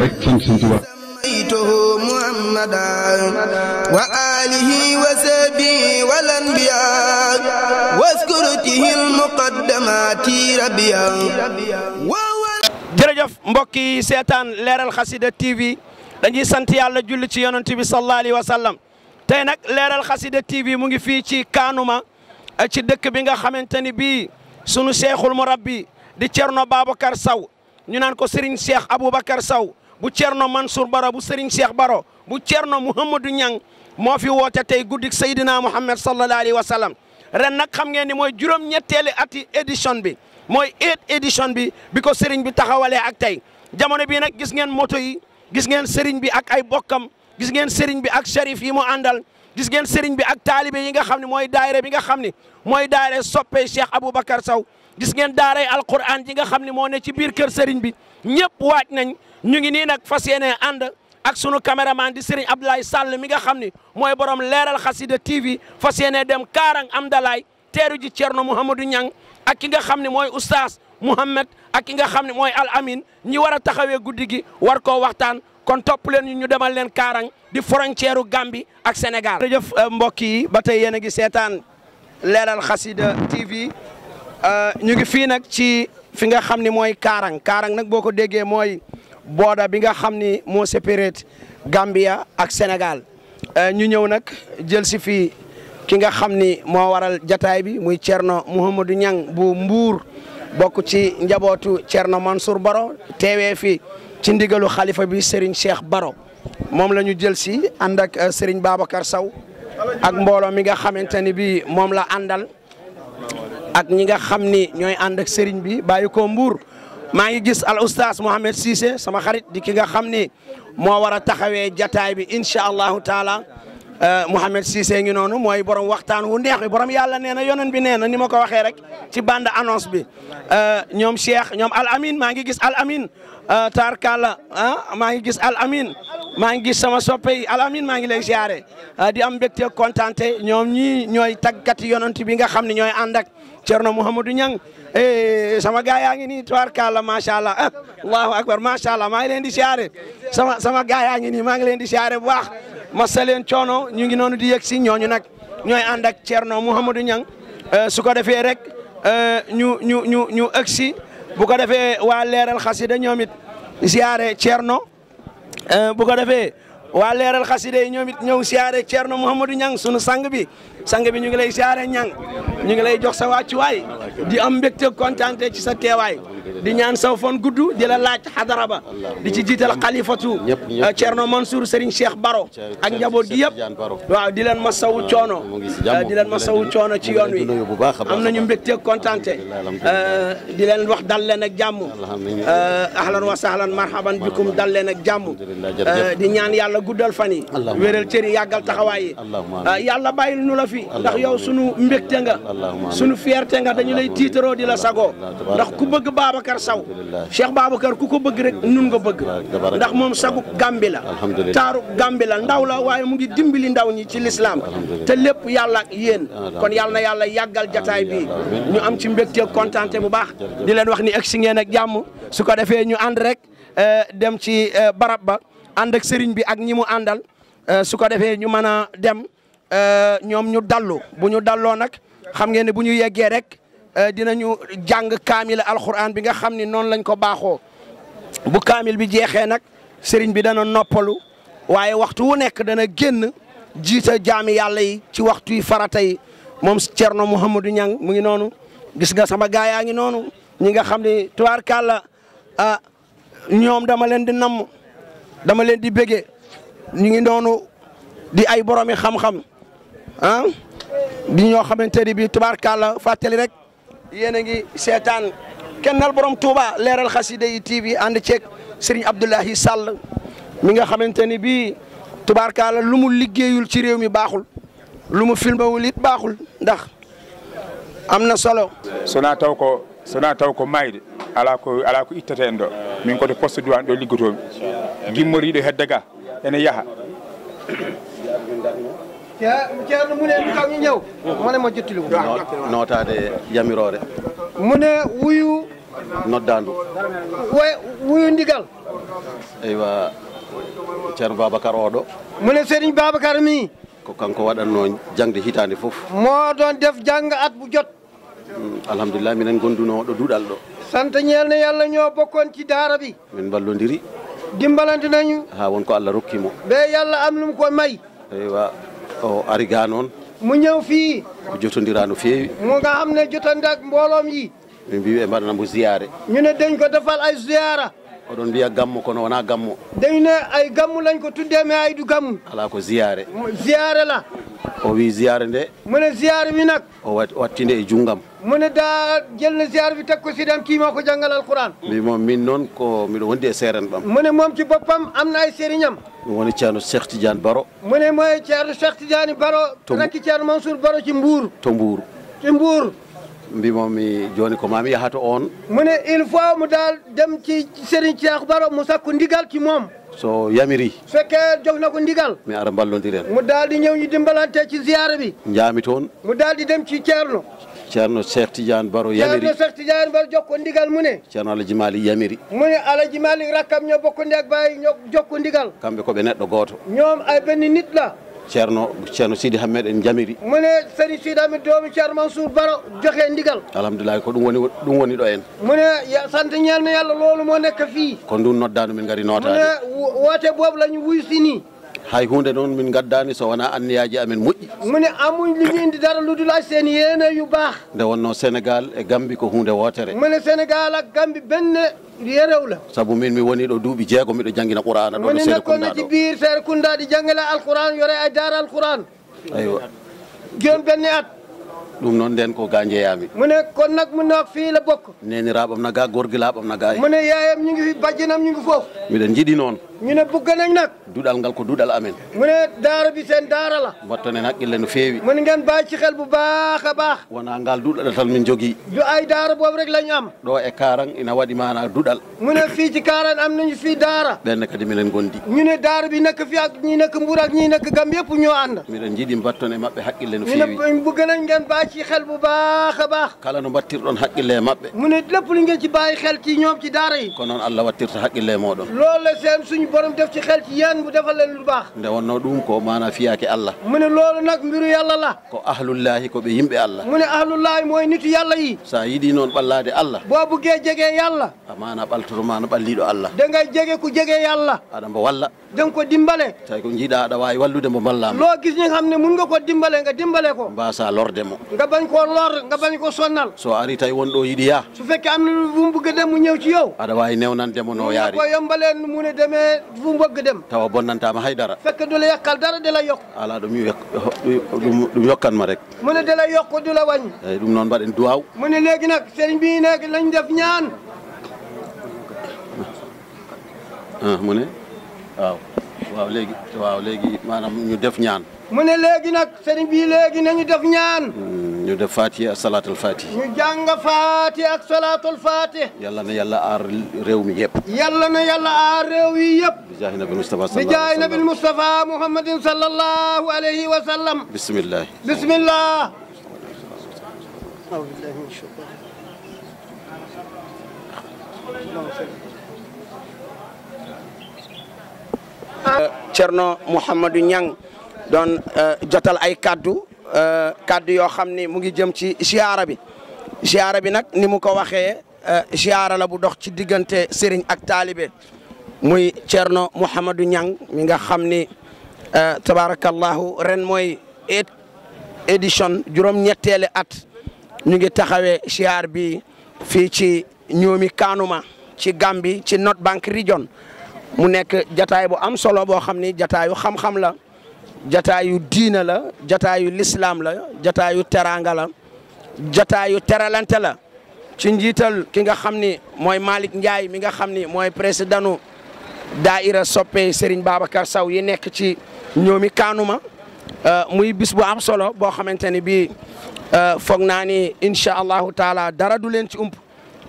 rek sant sëñ Tuubaa وآله وسبي والأنبياء واذكرته المقدمات ربيا jërëjëf mbokk yi seetaan leeral xasida TV dañuy sant yàlla julli ci yonent bi sallallahu alayhi wa sallam tey nag leeral xasida TV mu ngi fii ci Kaanuma ci dëkk bi nga xamante ni bii sunu seexul murabbi di Cerno Babacar Saw ñu naan ko Serigne Cheikh Aboubacar Saw bu Thierno Mansour Baro bu Serigne Cheikh Baro bu Thierno Mouhamadou Niang moo fi woote tey guddik Seydina Mouhamed sallallahu alayhi wa sallam ren nag xam ngeen ni mooy juróom-ñetteeli ati édition bi mooy eight édition bi bi ko Serigne bi taxawalee ak tey jamono bii nag gis ngeen moto gis ngeen Serigne bi ak ay bokkam gis ngeen Serigne bi ak Cherif yi mu àndal. gis ngeen sëriñ bi ak taalibe yi nga xam ne mooy daayira bi nga xam ni mooy daayira soppe Cheikh Aboubacar Sow gis ngeen daaray alquran ji nga xam ne moo ne ci biir kër sëriñ bi ñëpp waaj nañ ñu ngi nii nag fas yéene ak sunu caméraman di Serigne Abdoulaye Sall mi nga ni borom leral xasida TV fas dem karang am dalaay teru ji Thierno Mouhamadou Niang ak ki nga xam ne mooy oustaz Mouhamed ak ki nga xam ne Al Amin ñi war a taxawee war koo waxtaan kon topp leen ñu demal leen di frontière Gambie ak senegal jërëjëf euh, mbokk yi ba tey yéen TV euh, ñu ngi fii nag ci fi nga xam ne karang Kaarang Kaarang nag booda bi nga xam ni moo séparé Gambia ak Sénégal euh, ñu ñëw nag jël si fii ki nga xam ni moo waral jataay bi muy Thierno Mouhamadou Niang bu Mbuur bokk ci njabootu Thierno Mansour Baro teewe fi ci ndigalu xalifa bi Serigne Cheikh Baro moom la ñu jël si ànd ak euh, Serigne Babacar Sow ak mbooloo mi nga xamante ni bii moom la àndal ak ñi nga xam ni ñooy ànd ak Serigne bi bàyyi ko Mbuur maa ngi gis al oustaz Mouhamed Cissé sama xarit di ki nga xam ni moo war a taxawee jataay bi incha allahu taala euh, Mouhamed Cissé ngi noonu mooy borom waxtaan wu neex bi borom yàlla nee na yonen bi nee na ni ma ko waxee rek ci bande annonce bi euh, ñoom Cheikh ñoom Al Amin maa ngi gis Al Amin Eh, tarkala ah eh, ngi gis al amin ma ngi sama soppe al amin ma ngi lay ziaré eh, di am bekté contenté ñom ñi ñoy tàggati yonent bi nga xamni ñoy andak ànd ak Cerno eh sama gaay yaa ngi tarkala ma sha allah allahu akbar sha allah ma ngi di ziaré sama sama gaay yaa ngi nii ngi leen di ziaré bu baax ma salen coono ñu ngi nonu di yegg ñoñu nak ñoy andak Cerno Mouhamadou Niang su ko rek ñu ñu ñu ñu bu ko defee waa leeral xasida ñoom it siyaare Thierno eh, bu ko defee waa leeral xasida yi ñoom it ñëw siyaare Thierno Mouhamadou Niang sunu sang bi sang bi ñu ngi lay siyaare Niang ñu ngi lay jox sa wàccuwaay di am mbégte kontaante ci sa teewaay di ñaan saw fan gudd di la laaj xadara ba di ci jiital xalifatu eh, Thierno Mansour Serigne Cheikh Baro ak njaboot gi yëpp waaw di leen ma sawu coono eh, di leen ma sawu coono ci yoon wi am nañu mbégte kontante eh, di leen wax dal leen ak jàmm ahlan wa sahlan marhaban bikum dal leen ak jàmm di ñaan yàlla guddal fan yi wéral cër yi yàggal taxawaay yi yàlla bàyyil nu la fi ndax yow sunu mbégte nga sunu fierté nga dañu lay tiitaroo di la sagoo ndax ku baaba Babacar Sow Cheikh Babacar ku ko bëgg rek nun nga bëgg ndax moom sagub Gàmbi la taarub la ndaw la waaye mu ngi dimbali ndaw ñi ci lislaam te lépp yàlla ak yéen ah, kon yàlla na yàlla yàggal jataay bi ñu am ci mbégte kontaante bu baax di leen wax ni egg si ngeen ak jàmm su ko defee ñu ànd rek eh, dem ci eh, barab ba ànd ak sëriñ bi ak ñi mu àndal eh, su ko defee ñu mën a dem ñoom ñu dallu bu ñu dalloo nag xam ngeen bu ñu yeggee rek dina euh, dinañu jàng kaamil alxuraan bi nga xam ni noonu lañ ko baaxoo bu kaamil bi jeexee nag sëriñ bi dana noppalu waaye waxtu wu nekk dana génn jiita jaami yàlla yi ci waxtu yi farata yi moom Thierno Mouhamadou Niang mu ngi noonu gis nga sama gaa yaa ngi noonu ñi nga xam ne tubaarkàlla ah ñoom dama leen di namm dama leen di bége ñu ngi noonu di ay boromi xam ah, ñoo xamante ni bii tubaarkàlla fàttali rek yéen setan ngi kennal borom Touba leral xasida yi TV ànd ceeg Serigne abdullah Sall mi nga xamanteni bi bii la lumu mu liggéeyul ci rewmi baxul lumu lu mu filmawul it baaxul ndax amna solo. sona taw ko sona taw ko mayde ala ko ala ko ittata en ɗo min koto poste duwan do liggotomi gimmoriɗo hedde heddaga ene yaha ceerno mu ne lu tax ñu ñëw mu ne ma jottili nootaade yamiroore mu ne wuyu noddaandu wuyu ndigal eywa ceerno at hmm, alhamdulillah minen gonduno ɗo duɗal ɗo sant ñelne yalla ñoo bokkon ci daara bi min dimbalante nañu ha wonko allah rokkimo ɓe yalla am lum ko may o ari ga noon mo ñaw fii ko jotondira no feewi mo ga xam ne jotanda mbolom yi mi mbi e mbaɗanamo ziyare ñune dañ ko defal ay ziyara oɗon mbiya gammo kono wona gammo dañne ay gammu lañ ko tudde mi aydu gammu ala ko ziyare ziyare la o wi ziyare nde mone ziyare wi nak o wattinde e junggam mu ne daa jël na ziar bi teg ko si dem kii moo ko jàngal alquran mbi moom min noon ko mbiɗo wondi e seeren ɓam mu ne moom ci boppam am na ay sériñam ɗum woni ceerno cheikh tidiane baro mu ne mooy ceerno cheikh tidiane baro rakki ceerno mansour baro ci mbuur to mbuur ci mbuur mbimomi joni ko mami yaha to on mune il faut mo dal dem ci serigne cheikh baro mo sakko ndigal ci moom so yamiri fekke jogna ko ndigal mi ara ballodiren mo dal di ñëw ñu dimbalante ci ziara bi jaami toon mo dal di dem ci ceerno ceerno cheikh tidiane baro yamiri ceerno cheikh tidiane baro jokko ndigal mu ne yamiri Mune ne alaji mali rakkam ñoo bokkondi Jokundigal. kambe ñoo jokko ndigal Nyom koɓe neɗɗo gooto ñoom ay benn nit la sidi en jamiri mune ne seni sidi hammed doomi Cerno mansour baro joxe ndigal alhamdulillahi ko ɗum woni ɗum woni ɗo en Mune ya sante ñalno yàlla loolu moo nekk fii ko ndun noddaandu min ngari nootaade mu ne woote wuy hay hunde non min gaddani so wana anniyaji amen moƴƴi mune amuñ liñindi dara la sen yena yu bax de wonno senegal e gambi ko hunde wotere mune senegal ak gambi benne yerew sabu min mi woni do duuɓi jeego do jangguina qur'ana na ci bir jibir kunda di janggala alquran yore ay dara alquran aywa joni benne at dum non den ko ganje yami mune kon nak mu nok fi la bokk neniraɓam naga na naga mune yeyam ñi ngi fi bajinam ñi ngi mi den jidi non ñune bu bëgg nak. nag dudal ngal ko dudal amen mune daara bi seen daara la wattane nak illa feewi mun ngeen bàyyi ci xel bu baax baax wana ngal dudal tal min jogi du ay daara boobu rek lañu am do e karang ina wadi mana dudal mu ne ci karan am nañu fi daara ɓenne kadi minen gondi ñune daara bi nak fi ak ñi nak mbur ak ñi nak gam yëpp ñoo ànd miɗen jiiɗi mbattone mabbe haqqille no feewi ñu bu bëgg ngeen bàyyi ci xel bu baax baax kala no mbattirɗon don e maɓɓe mabbe mune lepp lu ngeen ci bàyyi xel ci ñoom ci daara yi ko non allah wattir sa e moɗon modon lolé seen suñu borom def ci xel ci yéen mu defal leen lu baax nde wonno ɗum ko mana fiyaki allah mu ne loolu nag mbiru yàlla la ko ahlullahi ko ɓe yimɓe allah mu ne ahlullahi mooy nitu yàlla yi sa yiɗi noon ɓallade allah boo buggee jegee yàlla amana ɓaltoto ma no ɓalliɗo allah da ngay jege ku jegee yàlla aɗa mbo walla dang ko dimbalé tay ko njida da way wallude mo mallam lo gis ñi ne mun nga ko dimbalé nga dimbalé ko lor demo nga bañ ko lor bañ ko sonnal so ari tay won do yidi ya su fekke am mu bëgg dem mu ñew ci yow way new nan demo no yaari ko ne no mune mu bëgg dem tawa bonnantama haydara du la yakal dara la yok ala du yokkan ma rek mune yok du la wañ eyyi eh, ɗum noon mbaɗen mu mune legi nak señ bi nak lañ def ñaan ah mune waaw waaw léegi maanaam ñu def ñaan mu ne léegi nag sëriñ bi léegi nañu def ñaan ñu def faati ak salaatul faati ñu jàng faati ak salaatul faati yàlla na yàlla aar réew mi yëpp yàlla na yàlla aar réew yi yëpp bi jaahi nabil mustafa bi jaahi nabil muhammadin sallallahu alayhi wa sallam bismillah bismillah أعوذ بالله من الشيطان Cerno Mouhamadou Niang doon eh, jotal ay kaddu eh, kaddu yoo xam ni mu ngi jëm ci siyaara bi siyaara bi nag ni mu ko waxee eh, siyaara la bu dox ci diggante sëriñ ak taalibe muy Cerno Mouhamadou Niang mi nga xam ni tabarakallahu ren mooy édition juróom-ñetteeli at ñu ngi taxawee siyaar bi fii ci ñoomi Kanuma ci Gàmbi ci North Bank Region mu nekk jataay bu am solo boo xam ni jataayu xam-xam la jataayu diina la jataayu lislaam la jataayu teraanga la jataayu teralante la ci njiital ki nga xam ni mooy Malick Ndiaye mi nga xam ni mooy présidentu daaira soppe Serigne Babacar saw yi nekk ci ñoomi kaanuma euh, muy bis bu am solo boo xamante ni bii euh, foog naa ni incha allahu taala dara du leen ci ump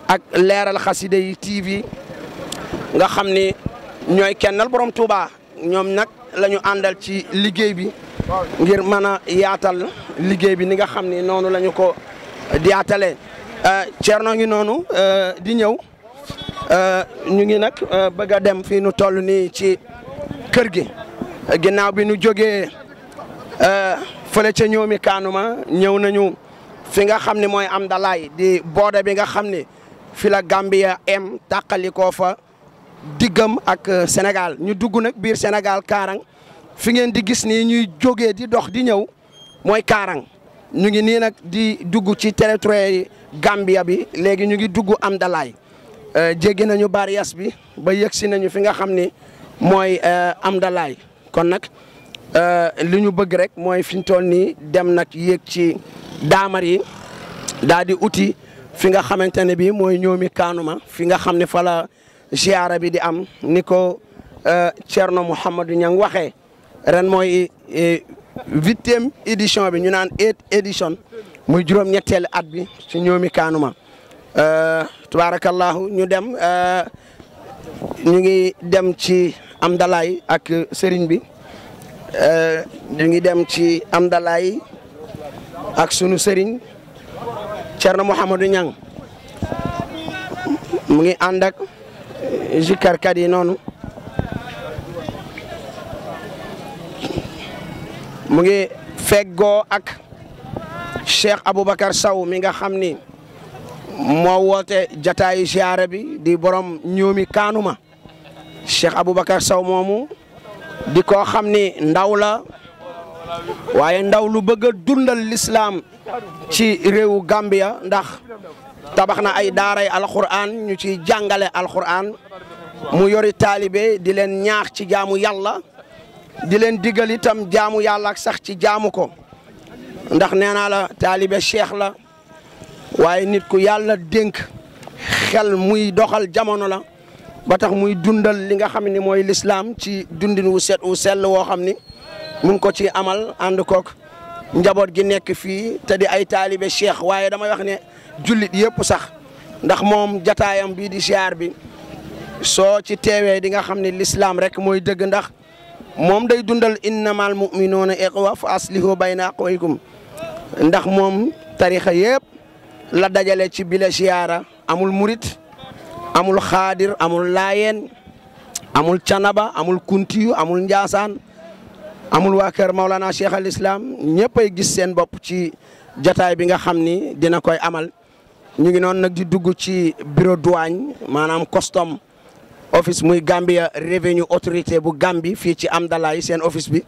ak leeral xasida yi TV nga xam ni ñooy kennal borom Touba ñoom nag lañu ñu àndal ci liggéey bi ngir mën a yaatal liggéey bi ni nga xam ni noonu lañu ko di yaatalee. Euh, Thierno ngi noonu euh, di ñëw euh, ñu ngi nag bëgg a dem fii nu toll nii ci kër gi ginnaaw bi nu jógee fële ca ñoomi kaanuma ñëw nañu fi nga xam ne mooy am dalay di boode bi nga xam ne fi la Gambia em tàqali ko fa. diggam ak euh, Sénégal ñu dugg nag biir Sénégal Kaarang fi ngeen di gis nii ñuy jógee di dox di ñëw mooy Kaarang ñu ngi nii nag di dugg ci territoire Gambia bi léegi ñu ngi dugg am dalay euh, jéggi nañu barrières bi ba yëg si nañu fi nga xam ni mooy euh, am dalaay kon nag li ñu bëgg rek mooy fi ñu toll nii dem nag yéeg ci daamar yi daal di uti fi nga xamante ne bii mooy ñoomi kaanuma fi nga xam ne fa ziara bi di am niko ko euh, Thierno Mouhamadou Niang waxee ren mooy euh, huitième édition bi ñu naan eight édition muy juróom-ñetteelu at bi ci ñoomi kaanuma euh, tabaarakallahu ñu dem ñu ngi dem ci amdalaay ak sëriñ bi ñu ngi dem ci amdalaay ak sunu sëriñ Thierno Mouhamadou Niang mu ngi ànd jikarkat yi noonu mu ngi feggoo ak Cheikh Aboubacar Sow mi nga xam ni moo woote jataayu siyaare bi di borom ñoomi kaanuma Cheikh Aboubacar Sow moomu di ko xam ni ndaw la waaye ndaw lu bëgga dundal lislaam ci réewu Gambia ndax tabax na ay daaray alxuraan ñu ci jàngale alxuraan mu yori taalibe di leen ñaax ci jaamu yàlla di leen digal itam jaamu yàlla ak sax ci jaamu ko ndax nee naa la taalibe cheikh la waaye nit ku yàlla dénk xel muy doxal jamono la ba tax muy dundal li nga xam ni mooy lislaam ci dundin wu set wu sell woo xam ni mu ko ci amal ànd kook njaboot gi nekk fii te di ay taalibe cheikh waaye dama wax ne jullit yëpp sax ndax moom jataayam bii di siyaar bi soo ci teewee di nga xam ne lislaam rek mooy dëgg ndax moom day dundal innamal muminuuna ixwa fa aslihu bayna aqwaykum ndax moom tarixa yëpp la dajale ci bile siyaara amul murit amul xaadir amul laayeen amul canaba amul kuntiyu amul njaasaan amul waa kër Maulana Cheikh al Islam ñëpp ay gis seen bopp ci jataay bi nga xam ni dina koy amal ñu ngi non nak di dugg ci bureau douane manam custom office muy Gambia Revenue Authority bu gambi fi ci Amdalaay seen office bi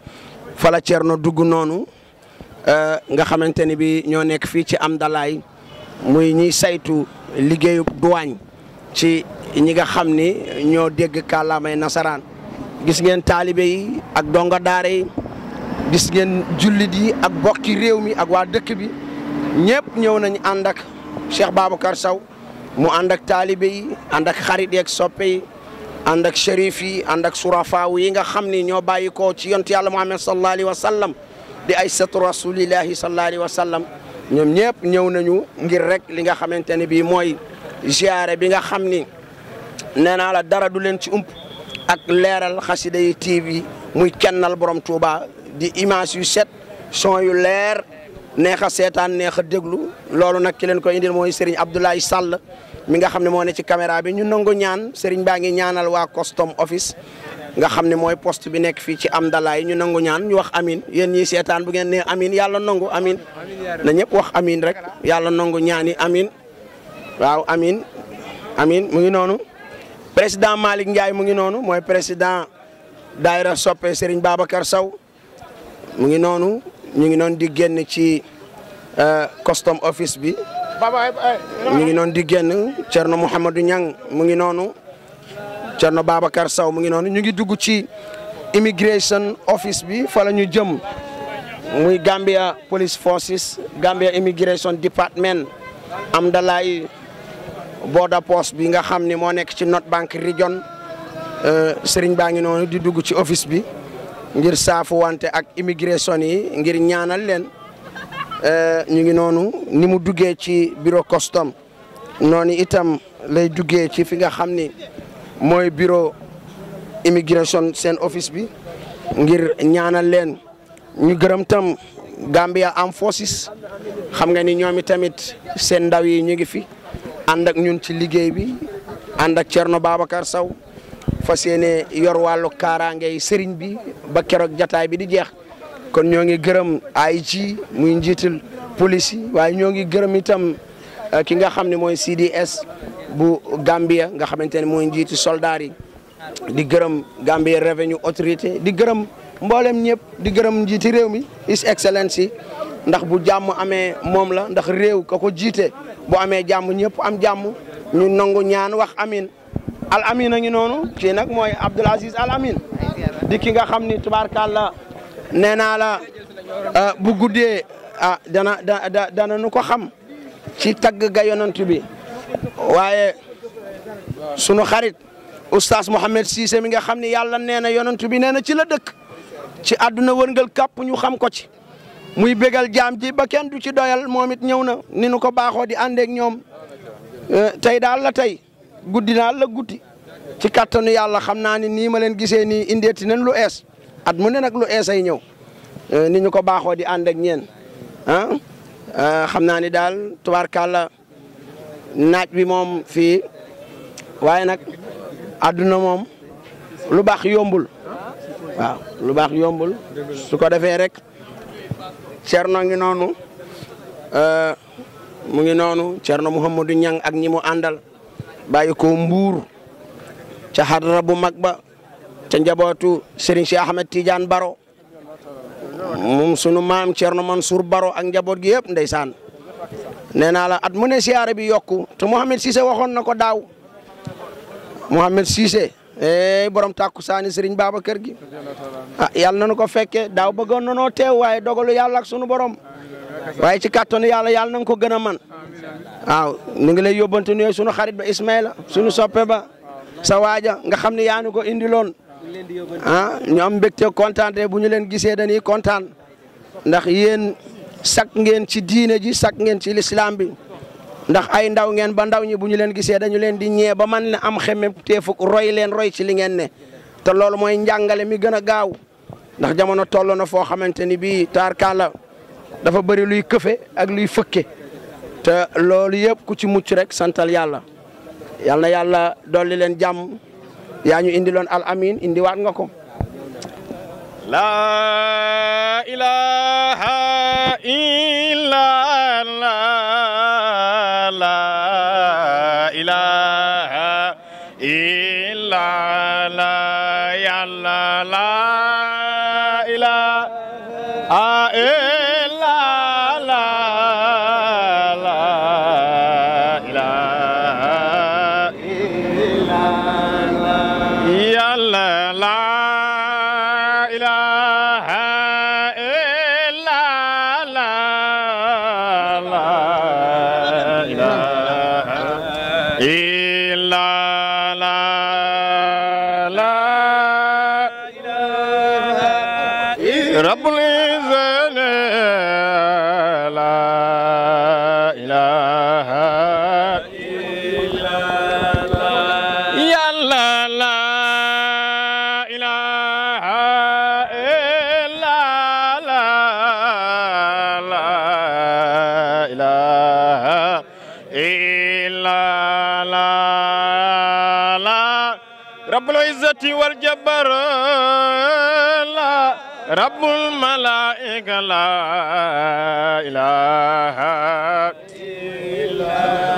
fala cierno dugg euh nga xamanteni bi ño nek fi ci Amdalaay muy ñi saytu liggey douane ci ñi nga xamni ño deg dégg kàllaamay nasaraan gis ngeen taalibe yi ak donga daara yi gis ngeen julit yi ak bokki ak wa dekk bi ñepp ñew nañ andak Cheikh Babacar Sow mu ànd ak taalibe yi ànd ak xarit yeeg soppe yi ànd ak shérif yi ànd ak surafaaw yi nga xam ni ñoo bàyyi ko ci yontu yàlla Muhammad sallallahu alayhi wa sallam di ay sëtu rasulillahi sallallahu alayhi wa sallam ñoom ñëpp ñëw nañu ngir rek li nga xamante ne bii mooy ziare bi nga xam ni nee naa la dara du leen ci ump ak leeral xasida yi TV muy kennal borom Touba di image yu set son yu leer neex setan seetaan deglu lolu nak ki len ko indil moy Serigne Abdoulaye Sall mi nga xamne mo ne ci caméra bi ñu nango ñaan Serigne baangi ñaanal wa custom office nga xamne moy poste bi nek fi ci am ñu nango ñaan ñu wax amin yéen ñiy setan bu ngeen ne amin yalla nango amin na ñëpp wax amin rek yalla nango ñaani amin waaw amin amin mu ngi nonu president malik ndjay mu ngi nonu moy president daayira soppe Serigne Babacar saw mu ngi nonu ñu ngi non di génn ci euh, custom office bi eh, eh, ñu ngi non di génn Thierno Mouhamadou ñang mu ngi nonu Thierno Babacar saw mu ngi nonu ñu ngi dugg ci immigration office bi fa la ñu jëm muy Gambia Police Forces Gambia Immigration Department am dalay border post bi nga xamni mo nek ci note Bank region euh serigne baangi nonu di dugg ci office bi ngir saafu wante ak immigration yi ngir ñaanal leen eh, ñu ngi noonu ni mu duggee ci bureau custom noonu itam lay duggee ci fi nga xam ni mooy bureau immigration seen office bi ngir ñaanal leen ñu gërëm tam Gambia Armed Forces xam nga ni ñoom tamit seen ndaw yi ñu ngi fi ànd ak ñun ci liggéey bi ànd ak Thierno Babacar Sow fas yéene yor wàllu kaaraangey sëriñ bi ba keroog jataay bi di jeex kon ñoo ngi gërëm AIG muy njiital police waaye ñoo ngi gërëm itam euh, ki nga xam ne mooy CDS bu Gambia nga xamante ne mooy njiiti soldat di gërëm Gambia Revenue Authority di gërëm mboolem ñëpp di gërëm njiiti réew mi His Excellency ndax bu jàmm amee moom la ndax réew ka ko jiite bu amee jàmm ñëpp am jàmm ñu nangu ñaan wax amin al amin ngi nonu ci nak moy abdul Aziz al amin di ki nga xamni ni neena la euh, bu ah dana dana nu ko xam ci tag ga yonant bi waaye sunu xarit oustaz mohammed Cissé mi nga xamni ni neena nee na bi nee ci la dekk ci aduna wërngal kap ñu xam ko ci muy bégal jam ji ba kenn du ci doyal momit ñewna ni nu ko baxo di ak ñom tay daal la tay guddi na la guddi ci katanu yalla xamna ni ni ma len gisee nii indeeti nan lu es, at mu ne nag lu esay ñew eh, ni ñu ko baxo di and ak ñen ah eh, xamna ni dal tubaarkàlla naaj bi mom fi waye nag aduna mom lu bax yombul waaw lu bax yombul su ko defee rek Cerno ngi euh mu ngi nonu Cerno muhammadu Ñang ak ñi mu andal baik ko cahar rabu xadara bu mag ba Serigne si Ahmed Tidiane Baro mum sunu mam cierno Mansour Baro ak njabot gi yeb ndeysaan neena la at mune siara bi yokku te mohammed cisse waxon nako daw mohammed cisse eh borom takusani sering Serigne babakar gi ah yalla nanu ko fekke daw bëggoon na tew teew dogalu yalla ak sunu borom waye ci carton yalla yalla nang ko gëna man waaw ni nga lay yobantu nuyoo sunu xarit ba Ismaïla sunu soppe ba sa waaja nga xamni yaanu ko indi lon ah ñom bekté contenté buñu leen gisé dañi kontaan ndax yeen sak ngeen ci diiné ji sak ngeen ci l'islam bi ndax ay ndaw ngeen ba ndaw ñi buñu leen gisé dañu leen di ñé ba man am xémé roy leen roy ci li ngeen ne té loolu moy njàngale mi gëna gaaw ndax jamono toll na foo xamante ni dafa bari luy këfe ak luy fëkke te loolu yëpp ku ci mucc rek santal yàlla yàlla dolli leen jàmm yaa ñu indi loon al amin indi waat nga ko laa ilaha illa laa رب العزة لا إله إلا الله يا الله لا إله إلا لا لا إله إلا لا لا رب العزة والجبروت رب الملائكة لا إله إلا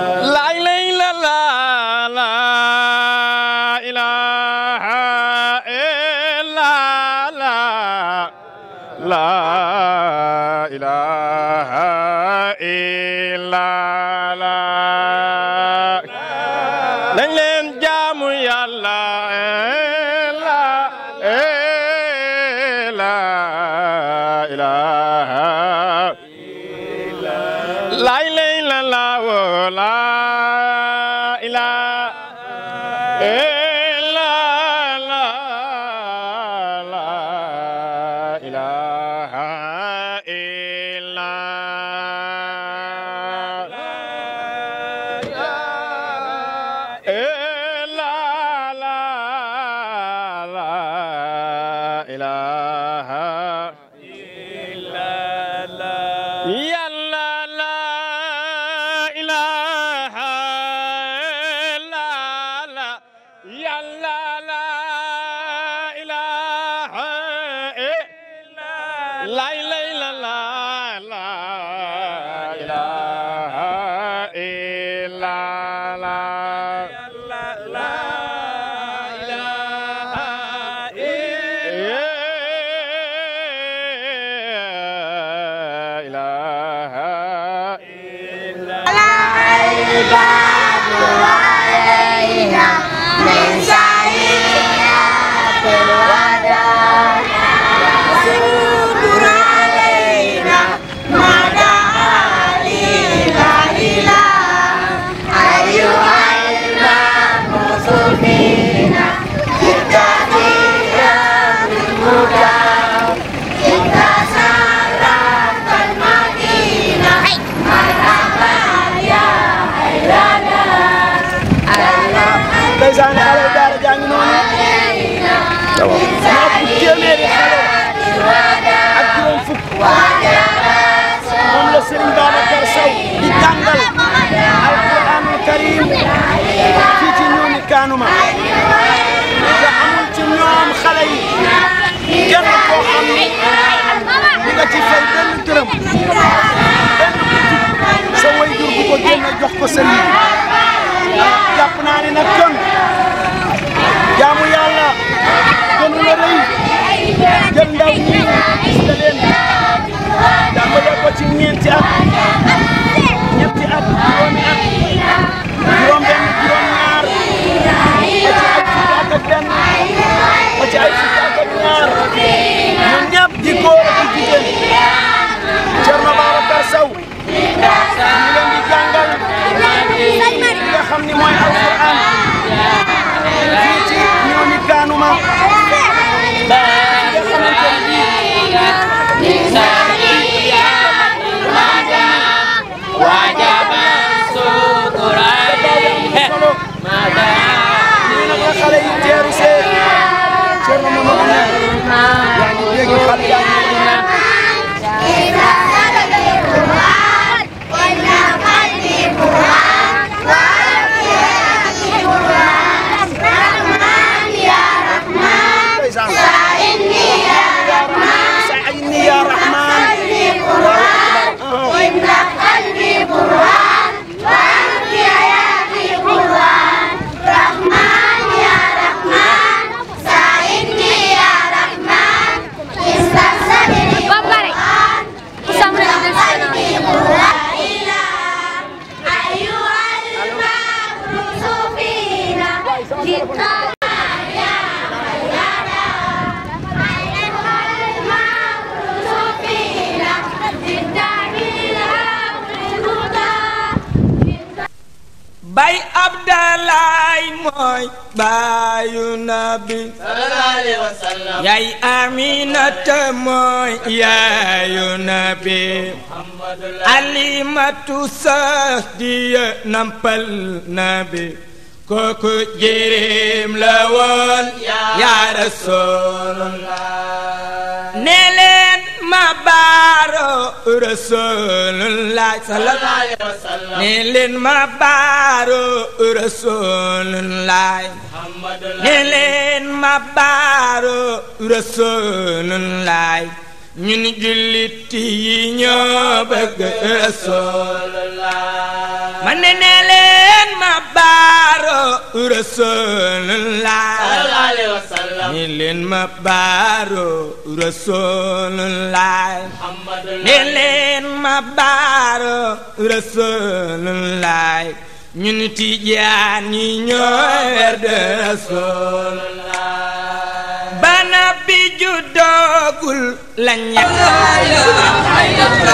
mooy baayu nabi yaay aminata mooy yaayu nabi alimatu sax nampal nabi kooku jirim la woon yaa rasulallah ma baaro rasulullah sallallahu alayhi wa jullit yi ñoo bëgg rasulullah ma leen ma baaro rasulullah sallallahu alayhi wa sallam ni leen ma baaro rasulullah ni leen tijaan ñi ñoo wer de rasulullah bana bi doogul la ñàkk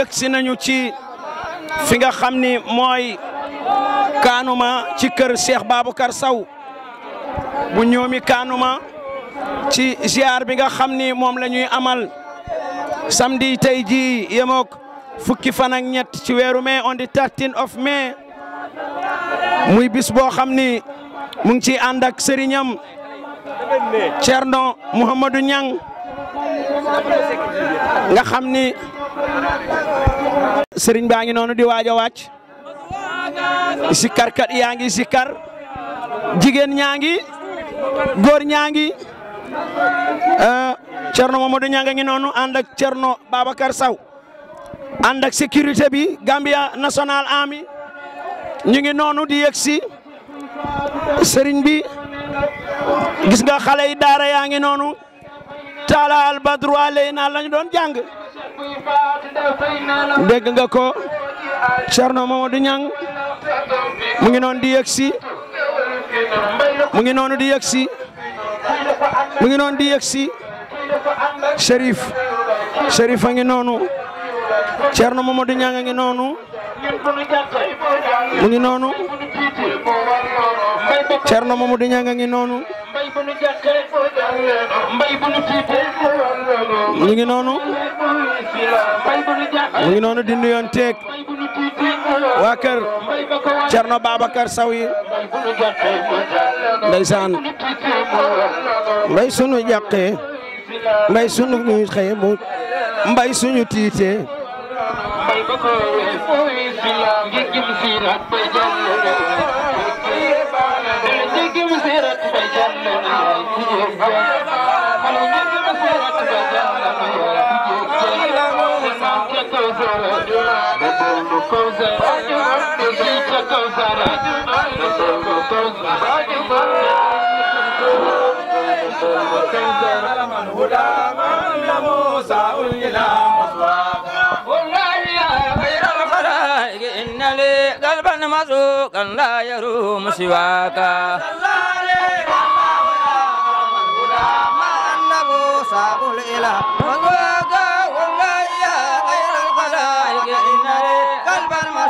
yëg si nañu ci fi nga xam ni mooy kaanuma ci kër bu Babacar saw bu ñoomi kaanuma ci ziar bi nga xam ni moom lañuy amal samdi tey jii yemook fukki fan ak ñett ci weeru mai on the 13 of mai muy bis boo xam ni mu ngi ciy ànd ak sëriñam Cerno Mouhamadou Niang nga xam ni sering bangi nonu di waaj a sikar, kat yaa ngi jigen nyangi gor nyangi eh, Cerno mamodo nyangi ngi nono Cerno babakar Sow andak security bi Gambia National Army ñu nonu di yegsi sering bi gis nga darah yi daara Cala al badru alayna lañu doon dégg nga ko Cerno Mamadou Niang mu ngi noonu di yegsi mu ngi noonu di yegsi mu ngi noonu di yegsi Cherif Cherif a ngi noonu cerno momo di a ngi nonu mu ngi nonu cerno momo di a ngi noonu mu ngi nonu mu ngi nonu di nuyoon teeg wa kër cerno babakar sawi ndaysan mbay sunu jàqee mbay sunu xey mbay sunu tité bay ba ko mooy si laa ngi gëm si rat bay jàll dala ngi gëm si rat bay jàll xale ngi gëm si rat bay jàll Thank you. sallale galban matso kan layaru musu waka sallale ya guda ma annabu ila galban ma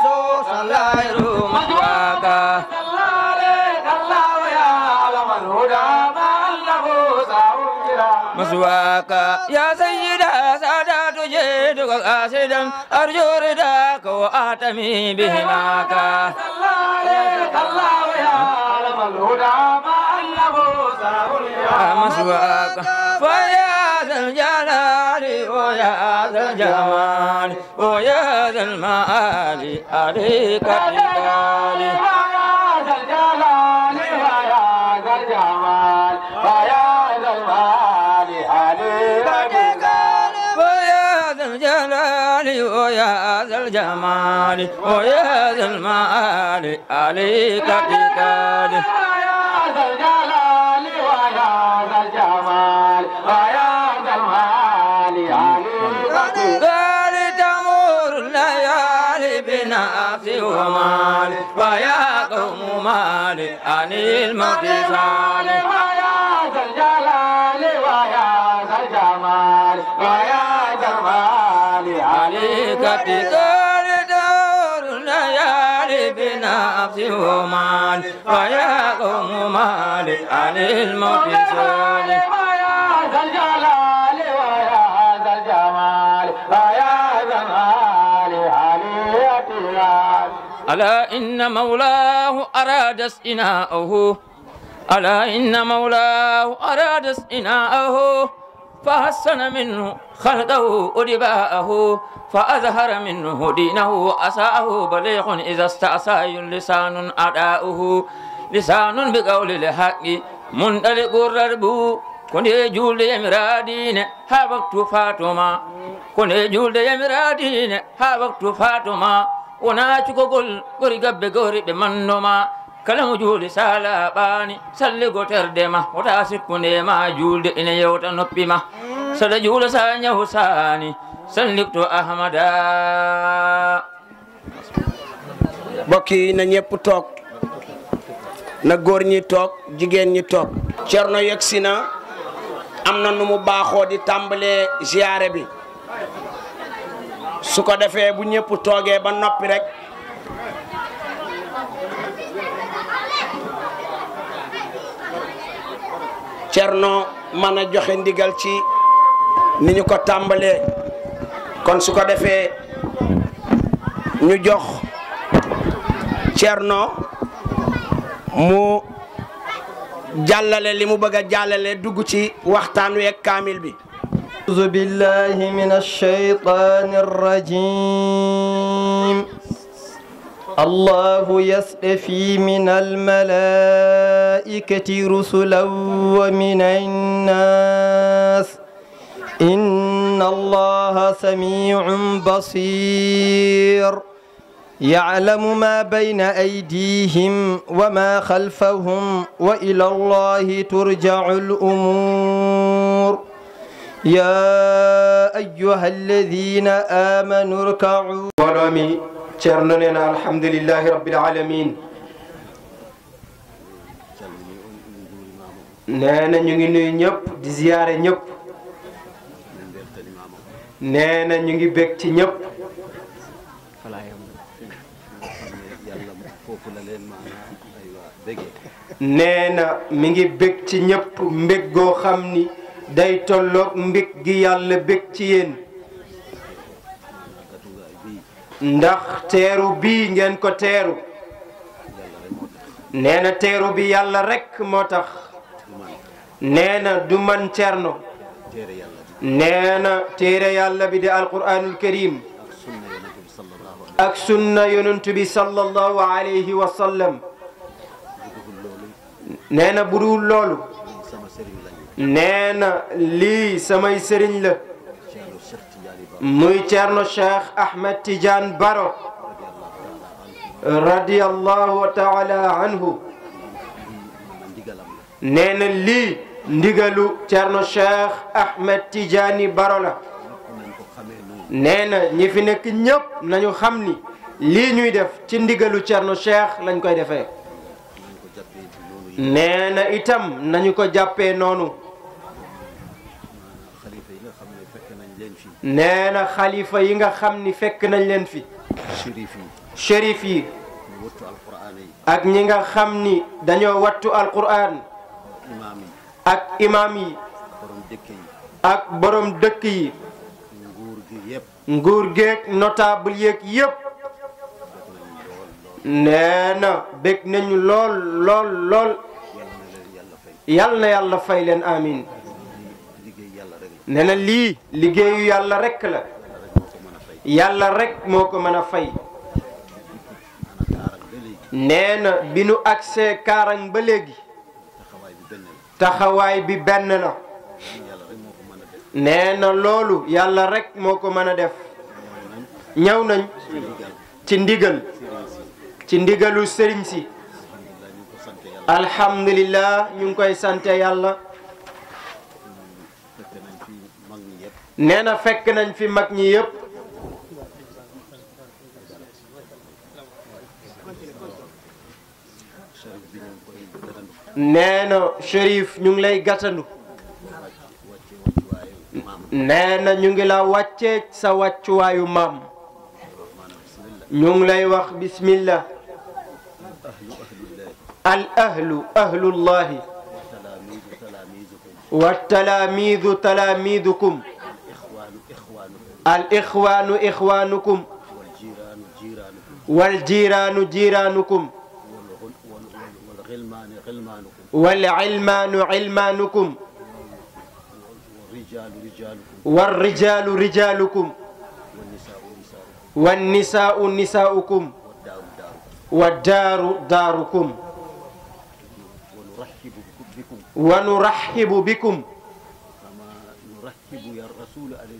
annabu ila sada تجدك قاصدا أرجو رداك وأعتمي بهماك صلى عليك الله يا علم الهدى ما أنه سهل يا مسواك فيا ذا الجلال ويا ذا الجمال ويا ذا المآل عليك الجمال ويا ذا المال عليك إكال يا ذا الجلال ويا ذا الجمال ويا ذا المال عليك قال تمر الليالي بنفسي ومالي ويا قوم مالي عن الموت سالي ويا ذا الجلال ويا ذا الجمال ويا ذا المال عليك إكال عليه مال ويا قوم مال عن الموت سالي ويا ذا الجلال ويا ذا الجمال ويا ذا المال ألا إن مولاه أراد استناءه ألا إن مولاه أراد استناءه فحسن منه خلقه ولباءه فأظهر منه دينه أساءه بليغ إذا استعصى لسان أداؤه لسان بقول الحق مندلق الرب كن جول يمرادين ها وقت فاطمة كن جول يمرادين ها وقت فاطمة وناتك قل قرقب قرب منما kala mo juulde saala ɓaani salligo terde ma wota sikkunde ma juulde ina yewta noppi ma mm. saɗa juula sa ñahu saani sallikto ahmada mbokk yi na ñëpp toog na góor ñi toog jigéen ñi toog cerno yegsi na am na nu mu baaxoo di tàmbalee ziyaare bi su ko defee bu ñëpp toogee ba noppi rek Cerno mën a joxe ndigal ci ni ñu ko tàmbalee kon su ko defee ñu jox Cerno mu jàllale li mu bëgg a jàllale dugg ci waxtaan wi ak kaamil bi أعوذ بالله من الشيطان الرجيم الله يصطفي من الملائكة رسلا ومن الناس إن الله سميع بصير يعلم ما بين أيديهم وما خلفهم وإلى الله ترجع الأمور يا أيها الذين آمنوا اركعوا Ceerno nee na alhamdulilahi rabbil alamin nee na ñu ngi nuyu ñëpp di ziyaare ñëpp nee na ñu ngi bég ci ñëpp nee na mi ngi bég ci ñëpp mbég goo xam ni day tolloog mbég gi yàlla bég ci yéen ndax teeru bii ngeen ko teeru nee na teeru bi yàlla rek moo tax nee na du man cerno nee na téere yàlla bi di alquranul karim ak sunna yonent bi sallallahu alayhi wa sallam nee na bu loolu nee na lii samay sëriñ la muy Ceerno Cheikh Ahmed Tidiane Baro radiyallahu taala anhu nee na lii ndigalu Ceerno Cheikh Ahmed Tidiane Baro la nee na ñi fi nekk ñëpp nañu xam ni lii ñuy def ci ndigalu Ceerno Cheikh lañ koy defee nee na itam nañu ko jàppe noonu neena xalifa yi nga xam ni fekk nañ leen fi. shérif yi. shérif yi. ak ñi nga xam ni dañoo wattu alqur'an. ak imaam yi. ak borom dëkk yi. nguur gi yëpp. nguur geeg notable yeeg yëpp. nee na bég nañu lool lool lool. yal na yàlla fay leen amiin. nee na lii liggéeyu yàlla rekk la yàlla rekk moo ko mën a fay nee na bi nu agsee kaarang ba léegi taxawaay bi benn la nee na loolu yàlla rekk moo ko mën a def ñëw nañ ci ndigal ci ndigalu sëriñ si alhamdulillah ñu ngi koy sante yàlla نانا فك نان في مكني يب نانا شريف نونلاي غاتانو نانا نونجلا واتشيت سا واتشو نونلاي واخ بسم الله الأهل أهل الله والتلاميذ تلاميذكم الإخوان إخوانكم والجيران جيرانكم والعلمان علمانكم والرجال رجالكم والنساء نساؤكم والدار داركم ونرحب بكم كما نرحب يا الرسول عليه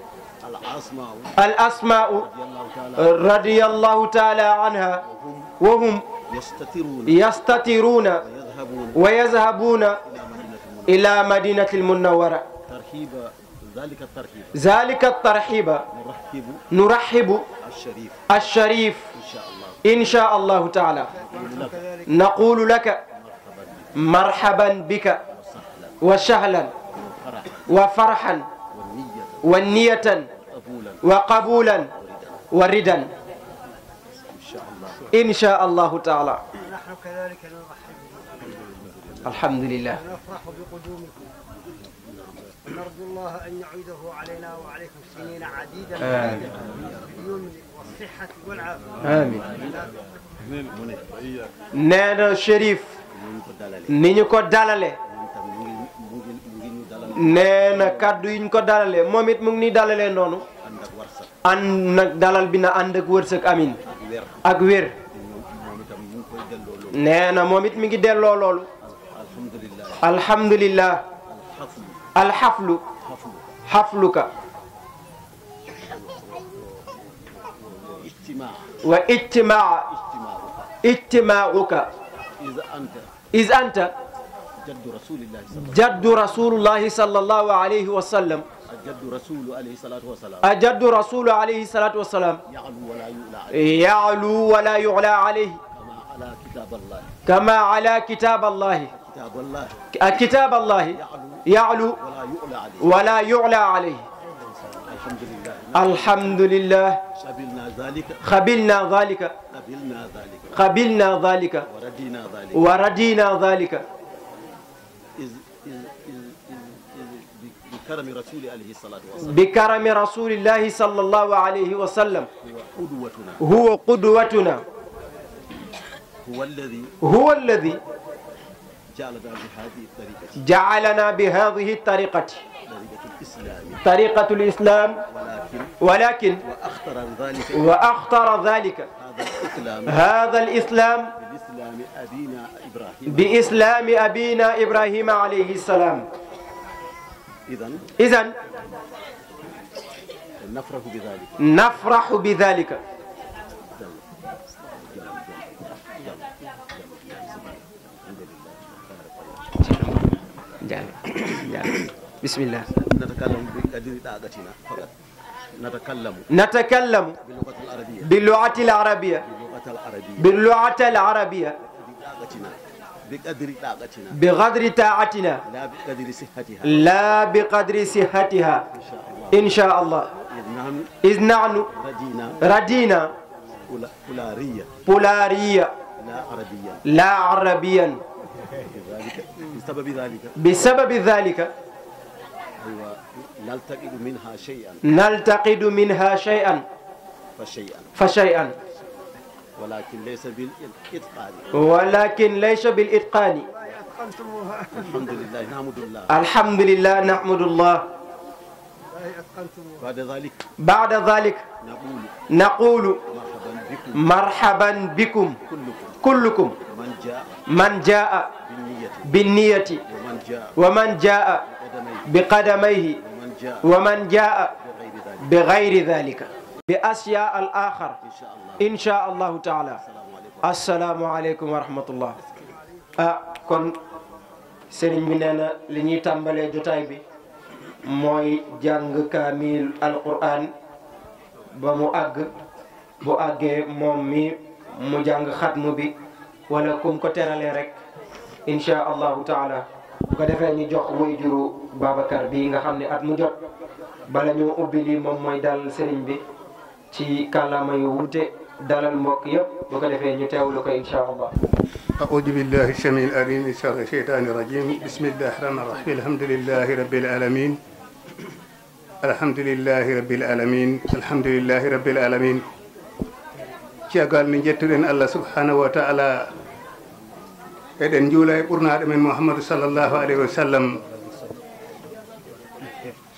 الأسماء رضي الله تعالى عنها وهم يستترون ويذهبون إلى مدينة المنورة ذلك الترحيب ذلك الترحيب نرحب نرحب الشريف الشريف إن شاء الله تعالى نقول لك مرحبا بك وسهلا وفرحا والنية وقبولا وردا إن شاء الله تعالى نحن كذلك نرحب الحمد لله ونفرح بقدومكم ونرجو الله أن يعيده علينا وعليكم سنين عديدة آمين باليمن والصحة والعافية آمين نانا الشريف نينيكو دالالي نانا كادو ينكو دالالي موميت مغني دالالي نونو ànd nag dalal bi na ànd ak wërsëg amin ak wér nee na moom it mi ngi delloo loolu alhamdulillah alxaflu xafluka wa ijtimaa ijtimaauka is anta jaddu rasulullahi sallallahu alayhi wa sallam أجد رسول عليه الصلاة والسلام رسول عليه الصلاة والسلام يعلو ولا يعلى عليه يعلو ولا يعلى عليه كما على كتاب الله كما على كتاب الله كتاب الله كتاب الله يعلو ولا يعلى عليه الحمد لله الحمد لله ذلك قبلنا ذلك قبلنا ذلك ذلك وردينا ذلك وردينا ذلك بكرم رسول الله صلى الله عليه وسلم بكرم رسول الله صلى الله عليه وسلم هو قدوتنا هو قدوتنا هو الذي هو الذي جعلنا بهذه الطريقة جعلنا بهذه الطريقة طريقة الإسلام ولكن, ولكن وأخطر ذلك وأخطر ذلك هذا الإسلام هذا الإسلام بإسلام أبينا إبراهيم بإسلام أبينا إبراهيم عليه السلام إذا إذا نفرح بذلك نفرح بذلك بسم الله نتكلم بقدر طاقتنا فقط نتكلم نتكلم باللغة العربية باللغة العربية باللغة العربية بطاقتنا بقدر طاقتنا بقدر طاقتنا لا بقدر صحتها لا بقدر صحتها إن شاء الله إن شاء إذ نحن ردينا ردينا بولارية بولارية لا عربيا لا عربيا بسبب ذلك بسبب ذلك أيوة. نلتقد منها شيئا نلتقد منها شيئا فشيئا فشيئا ولكن ليس بالإتقان ولكن ليس بالإتقان الحمد لله نحمد الله الحمد لله نحمد الله بعد ذلك بعد ذلك نقول نقول مرحبا بكم كلكم من جاء من جاء بالنية ومن جاء بقدميه ومن جاء بغير ذلك بأشياء الآخر إن شاء الله incha taala asalaamualeykum wa rahmatullah ah kon sëriñ bi nee li ñuy tàmbalee jotaay bi mooy jàng kaamil alquran ba mu àgg bu àggee moom mi mu jàng xatmu bi wala kum ko teralee rek incha taala ko defee ñu jox way juru Babacar bi nga xam ni at mu jot bala ñu ubbi lii moom mooy dal sëriñ bi ci kàllaama yu dalal mbokk yëpp bu ko defee ñu teewlu ko incha allah أعوذ بالله السميع العليم من شر الشيطان الرجيم بسم الله الرحمن الرحيم الحمد لله رب العالمين الحمد لله رب العالمين الحمد لله رب العالمين caggal min jettuɗen allah subhanahu wa taala eɗen juula e ɓurnaɗo men mouhamadou sallllahu alayhi wa sallam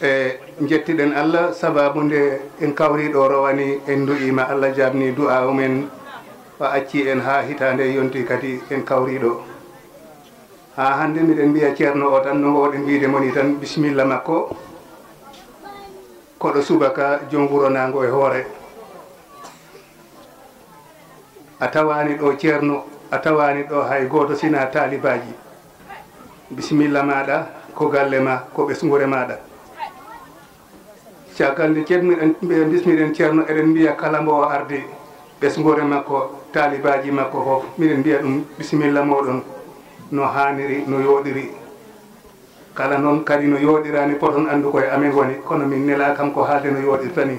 e jettiɗen allah sababu nde en kawriɗo rowani en duƴima allah jabni du'a umen o acci en ha hitande yonti kadi en kawriɗo ha hande miɗen mbiya ceerno o tan no woɗen wiide moni tan bisimilla makko koɗo subaka jomwuronango e hoore a tawani ɗo ceerno a tawani ɗo hay goto sina talibaji bisimilla maɗa ko galle ma ko ɓesgure maɗa cagal nde ceerno e bismiɗen ceerno eɗen mbiya kala mbo o arde ɓesgore makko talibaji makko fof miɗen mbiya ɗum bisimilla moɗon no haniri no yoɗiri kala noon kadi no yoɗirani poton andu koye amin woni kono min nela kam ko haalde no yoɗirtani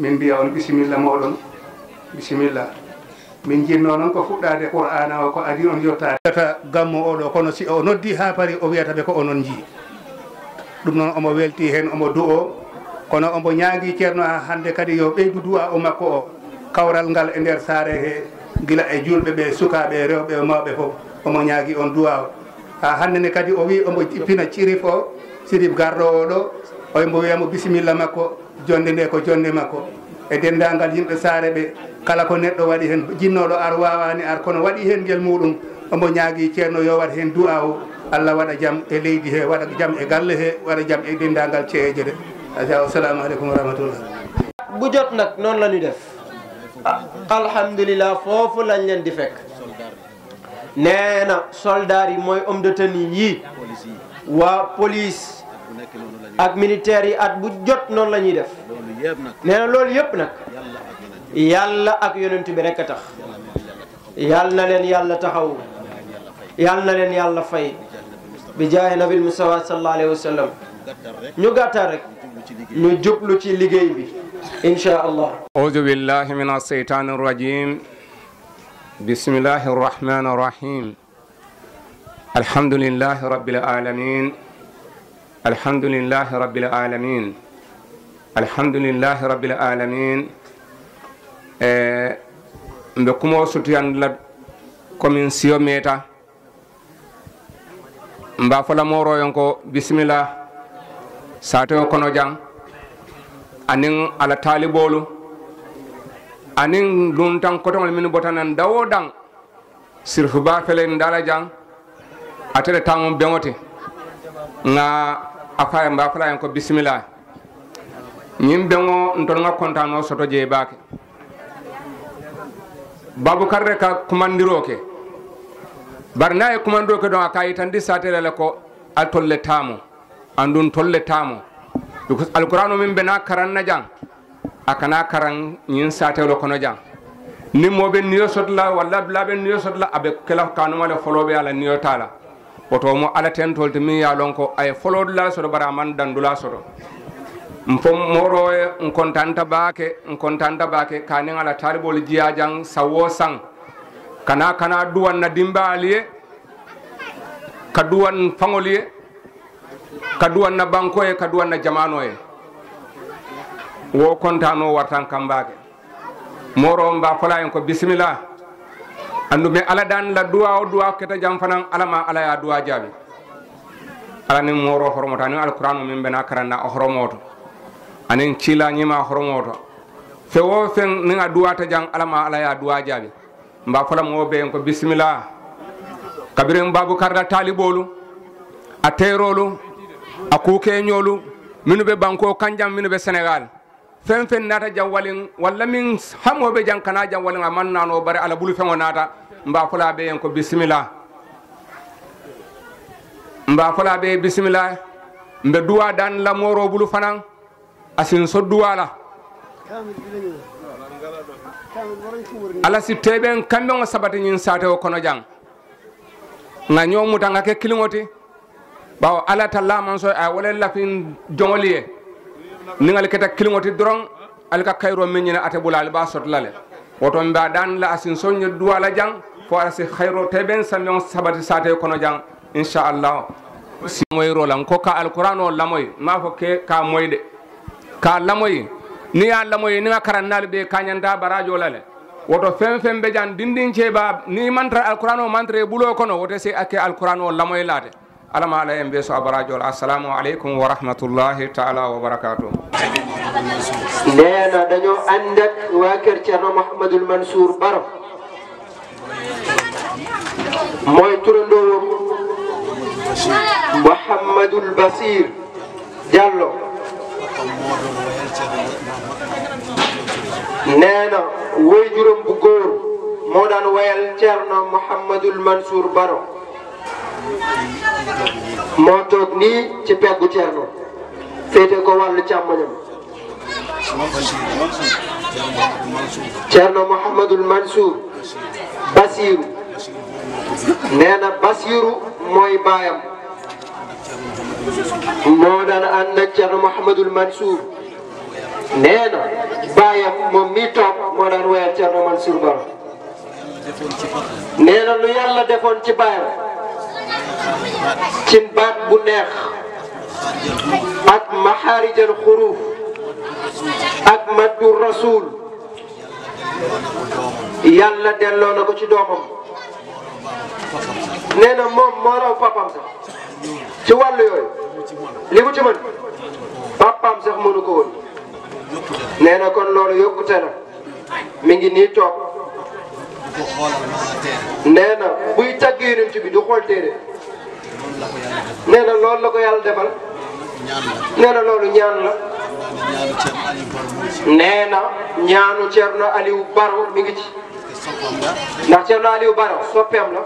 min mbiya on bisimilla moɗon bisimilla min jinno noon ko fuɗɗade qur'ana o ko adi on yottata gammo oɗo kono si o noddi ha pari o wiyataɓe ko onon jii ɗum noon omo welti hen omo du o kono omo ñaagi ceerno ha hande kadi yo ɓeydu duwa o makko o kawral ngal e nder saare he gila e julɓe ɓe sukaɓe rewɓe mawɓe foof omo ñaagi on duwa o ha hannde ne kadi o wi omo jippina cirif o sirif garɗo o ɗo oymo wiyamo bisimilla makko jonde nde ko jonde makko e dendangal yimɓe saare ɓe kala ko neɗɗo waɗi hen jinnoɗo ar wawani ar kono waɗi hen guel muɗum omo ñaagi ceerno yo waɗ hen du'a o allah waɗa jaam e leydi he waɗa jaam e galle he waɗa jaam e dendangal ceeje ɗe aca asalaamaaleykum wa bu jot nag noonu la ñuy def alhamdulilah foofu lañ leen di fekk nee na soldats yi mooy homme de tenue yi waa police ak militaires yi at bu jot noonu la ñuy def nee loolu yëpp nag yàlla ak yonent bi rek a tax yàlla na leen yàlla taxaw yàlla na leen yàlla fay bi jaaye nabil mustafa sallallahu alayhi ñu gàttal rek ñu jublu ci liggéey bi incha allah audu billahi min alseytaani arrajim bismillahi arrahmani arrahim alhamdulillahi rabbil alamin alhamdulillahi rabbil alamin alhamdulillahi rabbil alamin e mbe kumo sutuyandila commune sio meta mba folamoroyon ko bisimillah saateŋo kono jaŋ anin ala taliboolu anin luntaŋ kotoŋolu minnu bota naŋ dawo daŋ sirifubaa feleŋ dala jaŋ ate le taŋo beŋo ti nŋa a faye mba falayen ko bisimila ñiŋ beŋo ntolu ŋa kontaanoo soto jee baa ke babukar de ka kumandiroo ke bari niŋ ye kumandiro ke doŋ a ka yitandi saate le ko ali tolu le taamu an tolle tamo because alquranu min ɓe na karanna jan a kana karan ñin satewlo kono jan ni moɓe niyo sotla walla dulaɓe niyo sotla aɓe kela kanumale foloɓe ala niyo tala woto mo ala tentol to min ya lon ko aye folodula soto bara man dandula soto n fo moroye n kontanta baake n kontanta baake kanin ala talibol jiya jang sawo san kana kana duwan na dimba aliye ka duwan ka duwanna bankoye ka duwanna jamanoye wo kontano wartan kambake moroo mba fala en ko bisimilla andu mi ala dan la duwa o duwa keta jam fanan alama ala ya duwa jaabi ala nin moro hormoto anin alquran o min bena karanna o hormoto anin cilañima hormoto fewo fen nin a duwata jang alama ala ya duwa jaabi mba fala mo be en ko bisimilla kabirin babou karda taliɓolu a terolu a kuke ñoolu minu ɓe banko kanjam minu ɓe sénégal fen fen naata jawwalin walla min hamoɓe jan kana jawwalin a mannano bare ala ɓulu feŋo naata mba folaɓe yen ko bisimilla mba folaɓe bisimilla mbe duwa dan lamoro ɓulu fanan asin so duwala ala sitteɓen kamɓe o sabati ñin sateo kono jang ga ñoomutanga ke kilimoti ɓaw ala ta laman soy a wala lafin jongoliye ningal keta kilgoti doron alika kayro min ñine ate ɓulali ba sotlale woto mbiya dan la asin soñe duwala jang fo ara si hayro te ɓen samion sabati sate kono jang inchallah si moyrolan ko ka alquran o lamoy ma fo ke ka moyde ka lamoy ni ya lamoy ni nga karan nali ɓe kañanta barajo lale woto fen fen ɓe jang dindin ceba ni mantra alquran o mantre ɓulo kono wote si akke alquran o lamoy laate alama ala en ɓeeso abarajool assalamu aleykum wa rahmatullahi taala wa barakatuh neena dañu andak ak waa kër Thierno Mouhamadul Mansour Baro turando turandoowam Mouhamadul Basir jallo neena way jurum bu góor mo dan wayal Thierno Mouhamadul Mansour Baro moo toog nii ci peggu Thierno féete ko wàllu càmmoñam Thierno Mouhamadul Mansour Basiru nee na mooy baayam moo daan ànd ak Thierno Mouhamadul Mansour baayam moom mi toog moo daan woyal Thierno Mansour Ba nee na lu defoon ci baayam. ci baat bu neex ak maxaarijal xuruuf ak maddu rasul yàlla delloo na ko ci doomam nee na moom moo raw papam sax ci wàllu yooyu li mu ci mën papam sax mënu ko woon nee na kon loolu yokkute la mi ngi nii toog nee na buy bi du xool téere nee loolu la ko yàlla defal. nee loolu ñaan la. nee na ñaanu Thierno Aliou Baro mi ngi ci. ndax Thierno Aliou Baro soppeem la.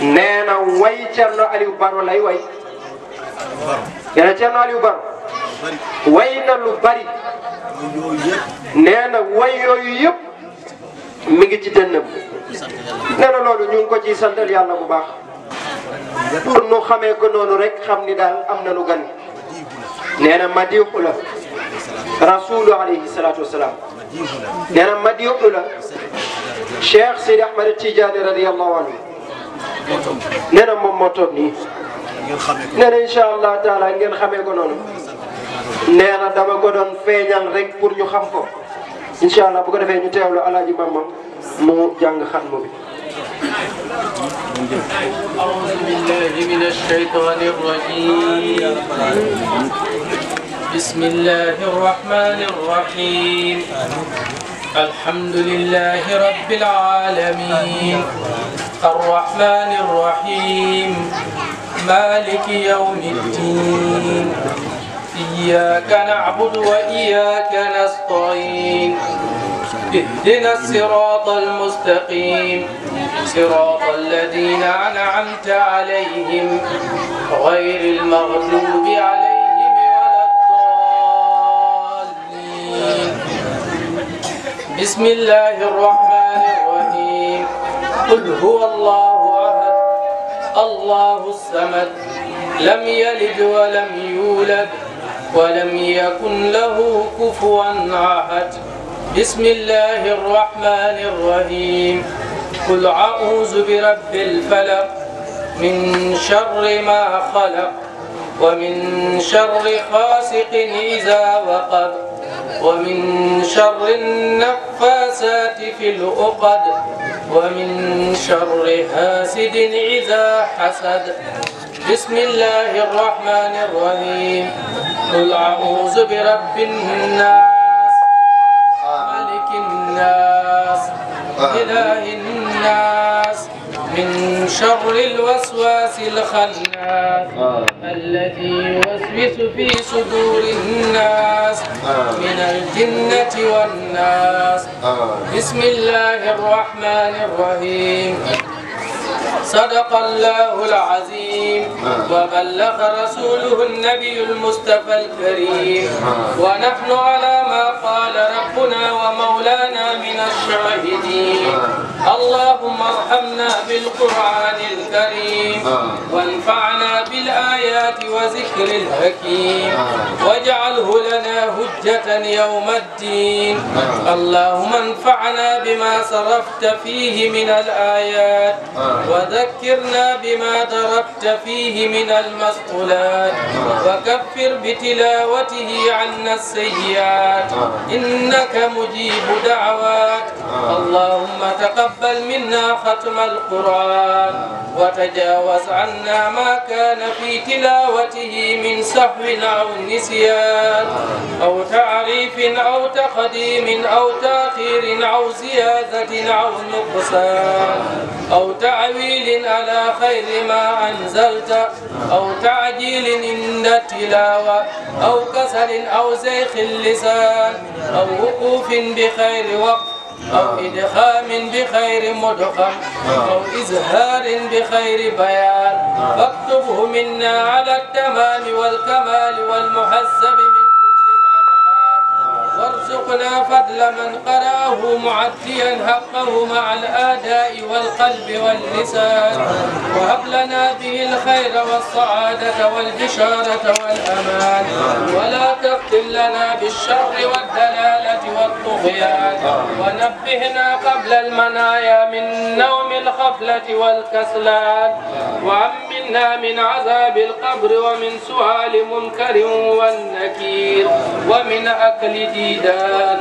nee na way Thierno Aliou Baro lay way. nee na Thierno Aliou Baro. way na lu bari. nee na way yooyu yëpp mi ngi ci dënnam. nee loolu ñu ngi ko ciy santal yàlla bu baax pour nu xamee ko noonu rek xam ni daal am na nu gan nee na madiixu la rasulu alayhi salaatu wasalaam nee na madiixu la cheikh sidi ahmad tijaani radiallahu anhu nee moom moo toog nii nee na incha ngeen xamee ko noonu nee na dama ko doon feeñal rek pour ñu xam ko incha allah bu ko defee ñu teewlu alaaji Bamba mu jàng xatmu bi أعوذ بالله من الشيطان الرجيم بسم الله الرحمن الرحيم الحمد لله رب العالمين الرحمن الرحيم مالك يوم الدين إياك نعبد وإياك نستعين اهدنا الصراط المستقيم صراط الذين أنعمت عليهم غير المغلوب عليهم ولا الضالين بسم الله الرحمن الرحيم قل هو الله أحد الله الصمد لم يلد ولم يولد ولم يكن له كفوا أحد بسم الله الرحمن الرحيم قل أعوذ برب الفلق من شر ما خلق ومن شر خاسق إذا وقد ومن شر النفاسات في العقد ومن شر حاسد إذا حسد بسم الله الرحمن الرحيم قل أعوذ برب الناس ملك الناس إله الناس من شر الوسواس الخناس الذي يوسوس في صدور الناس من الجنة والناس بسم الله الرحمن الرحيم صدق الله العظيم آه. وبلغ رسوله النبي المصطفى الكريم آه. ونحن على ما قال ربنا ومولانا من الشاهدين آه. اللهم ارحمنا بالقرآن الكريم آه. وانفعنا بالآيات وذكر الحكيم آه. واجعله لنا هجة يوم الدين آه. اللهم انفعنا بما صرفت فيه من الآيات وذكرنا بما ضربت فيه من المسطولات وكفر بتلاوته عنا السيئات إنك مجيب دعوات اللهم تقبل تقبل منا ختم القرآن وتجاوز عنا ما كان في تلاوته من سهو أو نسيان أو تعريف أو تقديم أو تأخير أو زيادة أو نقصان أو تعويل على خير ما أنزلت أو تعجيل عند التلاوة أو كسل أو زيخ اللسان أو وقوف بخير وقت أو إدخام بخير مدخم أو إزهار بخير بيان فاكتبه منا على التمام والكمال والمحسب وارزقنا فضل من قرأه معديا حقه مع الآداء والقلب واللسان وهب لنا به الخير والسعادة والبشارة والأمان ولا تقتل لنا بالشر والدلالة والطغيان ونبهنا قبل المنايا من نوم الخفلة والكسلان وأمنا من عذاب القبر ومن سؤال منكر والنكير ومن أكل دين شديدا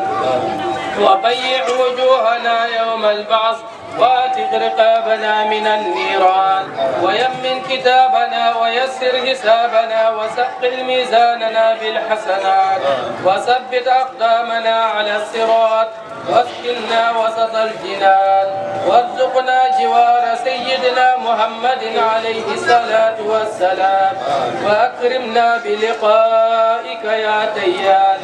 وبيع وجوهنا يوم البعث وأتق رقابنا من النيران ويمن كتابنا ويسر حسابنا وسقل ميزاننا بالحسنات وثبت أقدامنا على الصراط واسكننا وسط الجنان وارزقنا جوار سيدنا محمد عليه الصلاة والسلام وأكرمنا بلقائك يا ديان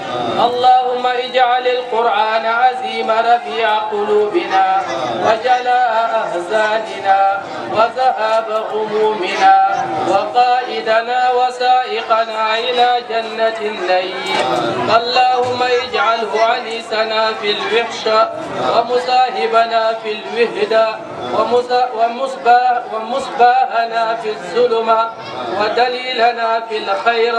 اللهم اجعل القرآن عزيم رفيع قلوبنا واجعل على أحزاننا وذهاب همومنا وقائدنا وسائقنا إلى جنة الليل اللهم اجعله أنيسنا في الوحشة ومصاحبنا في الوهدة ومصباهنا في الظلمة ودليلنا في الخير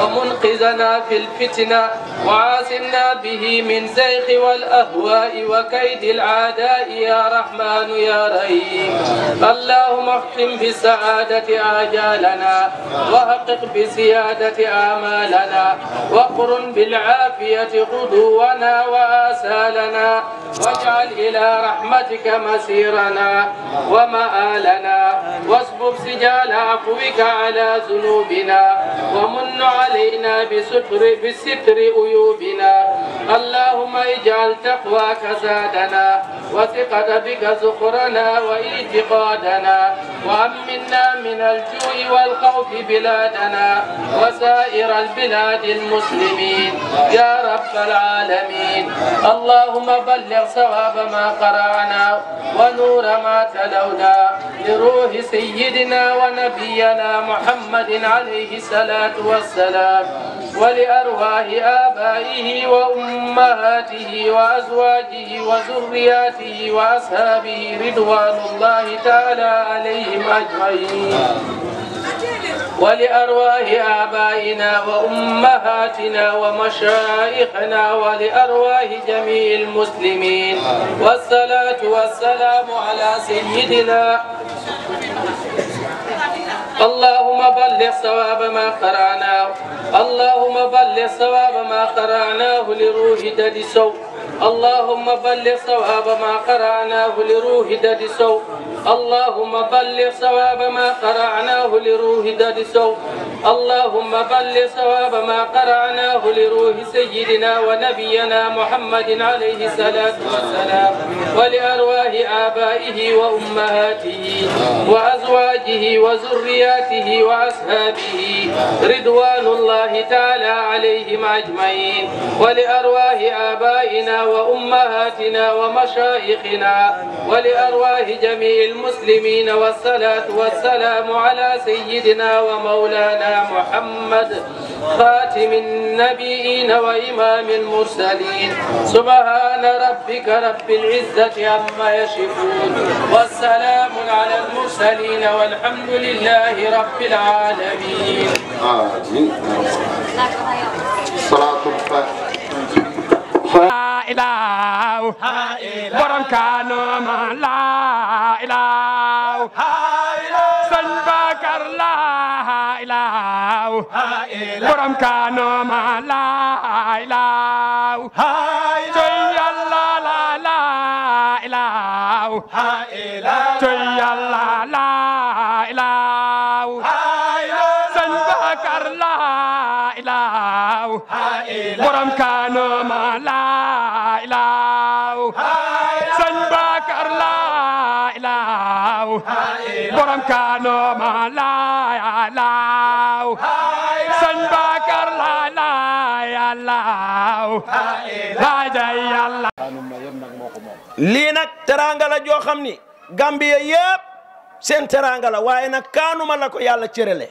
ومنقذنا في الفتنة وعاصمنا به من زيخ والأهواء وكيد العداء يا رحمة الرحمن يا رحيم اللهم اختم بالسعادة آجالنا وحقق بزيادة آمالنا وقرن بالعافية غدونا وآسالنا واجعل إلى رحمتك مسيرنا ومآلنا واسبب سجال عفوك على ذنوبنا ومن علينا بستر بستر عيوبنا اللهم اجعل تقواك زادنا وثقة بك لك زخرنا وإيتقادنا وأمنا من الجوع والخوف بلادنا وسائر البلاد المسلمين يا رب العالمين اللهم بلغ ثواب ما قرأنا ونور ما تلونا لروح سيدنا ونبينا محمد عليه الصلاة والسلام ولأرواح آبائه وأمهاته وأزواجه وذرياته وأصحابه به رضوان الله تعالى عليهم أجمعين ولأرواح آبائنا وأمهاتنا ومشائخنا ولأرواح جميع المسلمين والصلاة والسلام على سيدنا اللهم بلغ ثواب ما قرأناه اللهم بلغ ثواب ما قرأناه لروح دد اللهم بلغ صواب ما قرعناه لروح داد سو اللهم بلغ صواب ما قرعناه لروح داد سو اللهم بلغ صواب ما قرعناه لروح سيدنا ونبينا محمد عليه الصلاة والسلام ولأرواح آبائه وأمهاته وأزواجه وذرياته وأصحابه رضوان الله تعالى عليهم أجمعين ولأرواح آبائنا وأمهاتنا ومشايخنا ولأرواح جميع المسلمين والصلاة والسلام على سيدنا ومولانا محمد خاتم النبيين وإمام المرسلين سبحان ربك رب العزة عما يشفون والسلام على المرسلين والحمد لله رب العالمين آمين آه، صلاة الفاتحة إله برم كانو ما لا إله سن بكر لا إله برم كانو ما لا إله جي الله لا لا إله جي الله لا Kano malayalau San Bakar la Lajay Yàlla lii nag teraanga la joo xam ni Gambia yeb sen teranga la waaye nag kaanuma la ko yalla cerele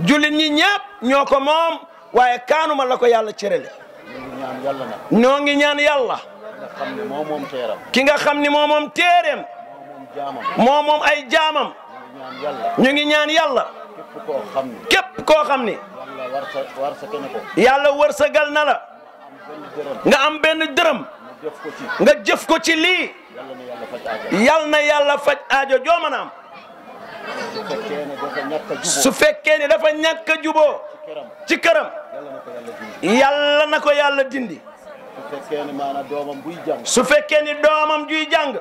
julit ñi ñep ñoko mom waye waaye kaanuma la ko yalla cerele ñoo ngi ñaan yalla ki nga xamni mom mom terem mom mom ay jaamam ñu ngi ñaan yàlla. képp koo xam ni. koo xam ni. yàlla wërsagal na la. nga am benn dërëm. nga jëf ko ci lii. yal na yàlla faj aajo joo mën a am. su fekkee ne dafa ñàkk a juboo. ci këram. yàlla na ko yàlla dindi. su su fekkee ni doomam juy jàng.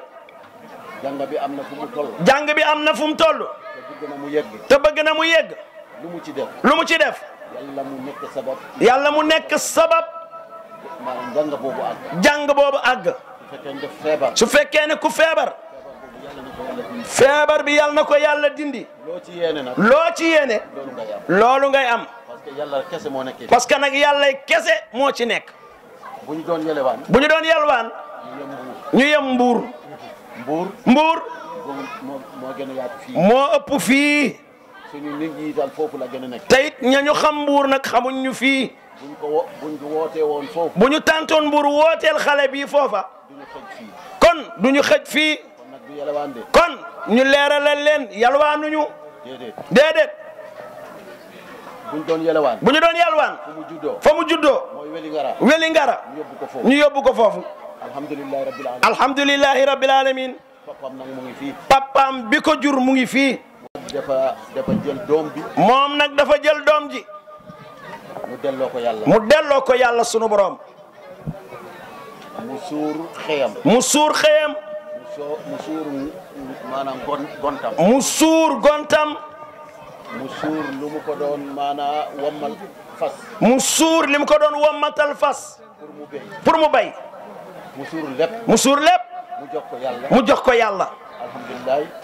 jang bi am na fu mu toll. jàng bi am na fu mu toll. te bëgg na mu yegg. te bëgg na mu yegg. lu mu ci def. lu mu ci def. mu nekk sabab. yàlla mu nekk sabab. maanaam jàng boobu àgg. jàng boobu àgg. su fekkee feebar. su fekkee ne ku feebar. feebar bi yàlla na ko yàlla dindi. loo ci yéene nag. loo ci yéene. loolu ngay am. parce que yàlla kese moo nekkee. parce que nag yàlla kese moo ci nekk. bu ñu doon yelwaan. bu ñu doon yelwaan. ñu yem mbour mbour mo ëpp fii suñu nit ñi daal foofu la gën a tayit ñañu xam mbuur xamuñ ñu kon duñu xej fi kon ñu léralal leen yalwaanuñu dedet dedet ñu doon yalwaan bu doon yalwaan fa mu juddo fa mu moy weli ngara ñu yobbu ko fofu alhamdulilah rabbil alamin alhamdulilah rabbil alamin papaam nag mu ngi fii. papaam bi ko jur mu ngi fii. dafa dafa jël doom bi. moom nag dafa jël doom ji. mu delloo ko yàlla. mu delloo ko yàlla sunu borom. mu suur xëyam. mu suur xëyam. mu suur maanaam gontam. mu suur gontam. mu suur lu mu ko doon maanaa wammal fas. mu suur li mu ko doon wammatal fas. pour mu béy pour mu béy. mu suur lépp mu suur lépp mu jox ko yàlla mu jox ko yàlla.